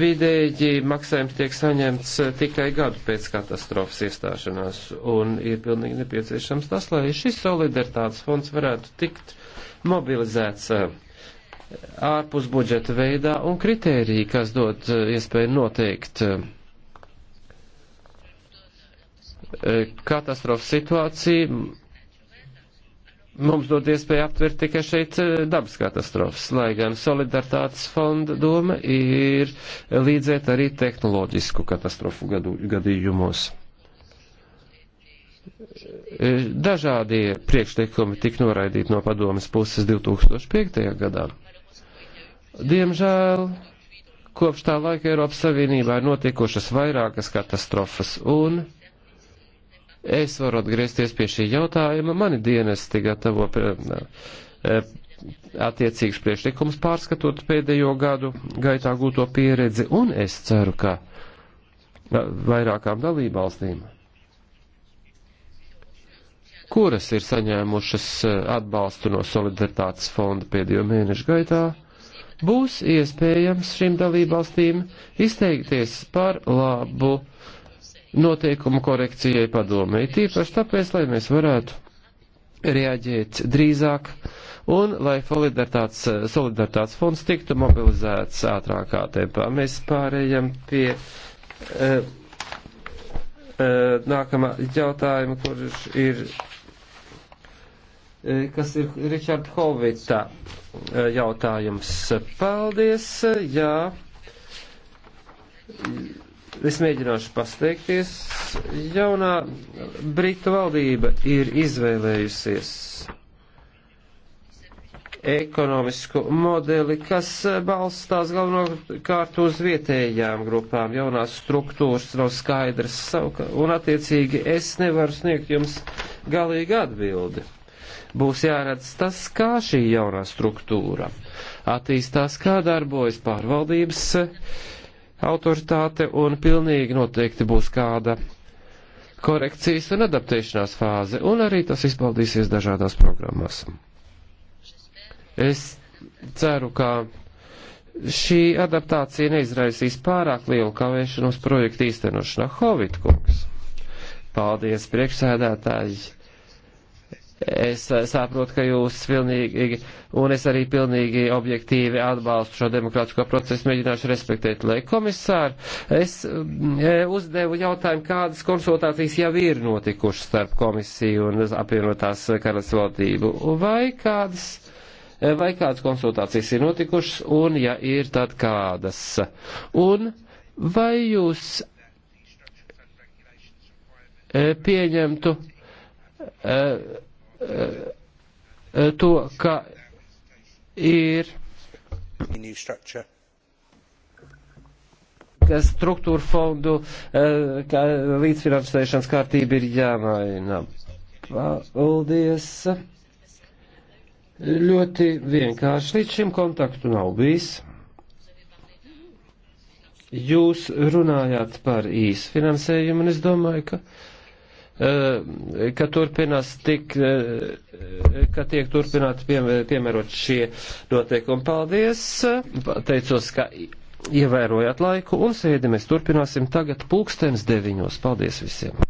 Vidēji maksājums tiek saņemts eh, tikai gadu pēc katastrofas iestāšanās, un ir pilnīgi nepieciešams tas, lai šis solidaritātes fonds varētu tikt mobilizēts eh, ārpus budžeta veidā, un kritēriji, kas dod iespēju noteikt E, katastrofas situācija mums dod iespēju aptvert tikai šeit e, dabas katastrofas, lai gan solidaritātes fonda doma ir līdzēt arī tehnoloģisku katastrofu gadu, gadījumos. E, dažādie priekšteikumi tika noraidīti no padomas puses 2005. gadā. Diemžēl kopš tā laika Eiropas Savienībā ir notikušas vairākas katastrofas un Es varu atgriezties pie šī jautājuma. Mani dienesti gatavo e, attiecīgs priekšlikums pārskatot pēdējo gadu gaitā gūto pieredzi, un es ceru, ka e, vairākām dalībvalstīm, kuras ir saņēmušas e, atbalstu no Solidaritātes fonda pēdējo mēnešu gaitā, būs iespējams šīm dalībvalstīm izteikties par labu uh, noteikumu korekcijai padomēji. Tīpaši tāpēc, lai mēs varētu reaģēt drīzāk un lai solidaritātes, solidaritātes fonds tiktu mobilizēts ātrākā tempā. Mēs pārējam pie uh, uh, nākamā jautājuma, kurš ir eh, kas ir Ričarda Hovita jautājums. Paldies, jā. Es mēģināšu pasteikties. Jaunā Britu valdība ir izvēlējusies ekonomisku modeli, kas balstās galvenokārt uz vietējām grupām. Jaunās struktūras nav skaidrs savukārt, un attiecīgi es nevaru sniegt jums galīgu atbildi. Būs jāredz tas, kā šī jaunā struktūra attīstās, kā darbojas pārvaldības autoritāte un pilnīgi noteikti būs kāda korekcijas un adaptēšanās fāze, un arī tas izpaudīsies dažādās programmās. Es ceru, ka šī adaptācija neizraisīs pārāk lielu kavēšanos projektu īstenošanā. Hovit kungs, paldies priekšsēdētāji! Es eh, saprotu, ka jūs pilnīgi, un es arī pilnīgi objektīvi atbalstu šo demokrātisko procesu, mēģināšu respektēt. Lai komisāri, es eh, uzdevu jautājumu, kādas konsultācijas jau ir notikušas starp komisiju un apvienotās karas valdību, vai kādas eh, vai kādas konsultācijas ir notikušas, un ja ir, tad kādas. Un vai jūs pieņemtu Eh, to, ka ir ka struktūra fondu eh, ka līdzfinansēšanas kārtība ir jāmaina. Paldies. Ļoti vienkārši. Līdz šim kontaktu nav bijis. Jūs runājāt par īsu finansējumu, un es domāju, ka Eh, ka turpinās tik, eh, ka tiek turpināti piemērot šie noteikumi. Paldies! Teicos, ka ievērojāt laiku un sēdi mēs turpināsim tagad pulkstens deviņos. Paldies visiem!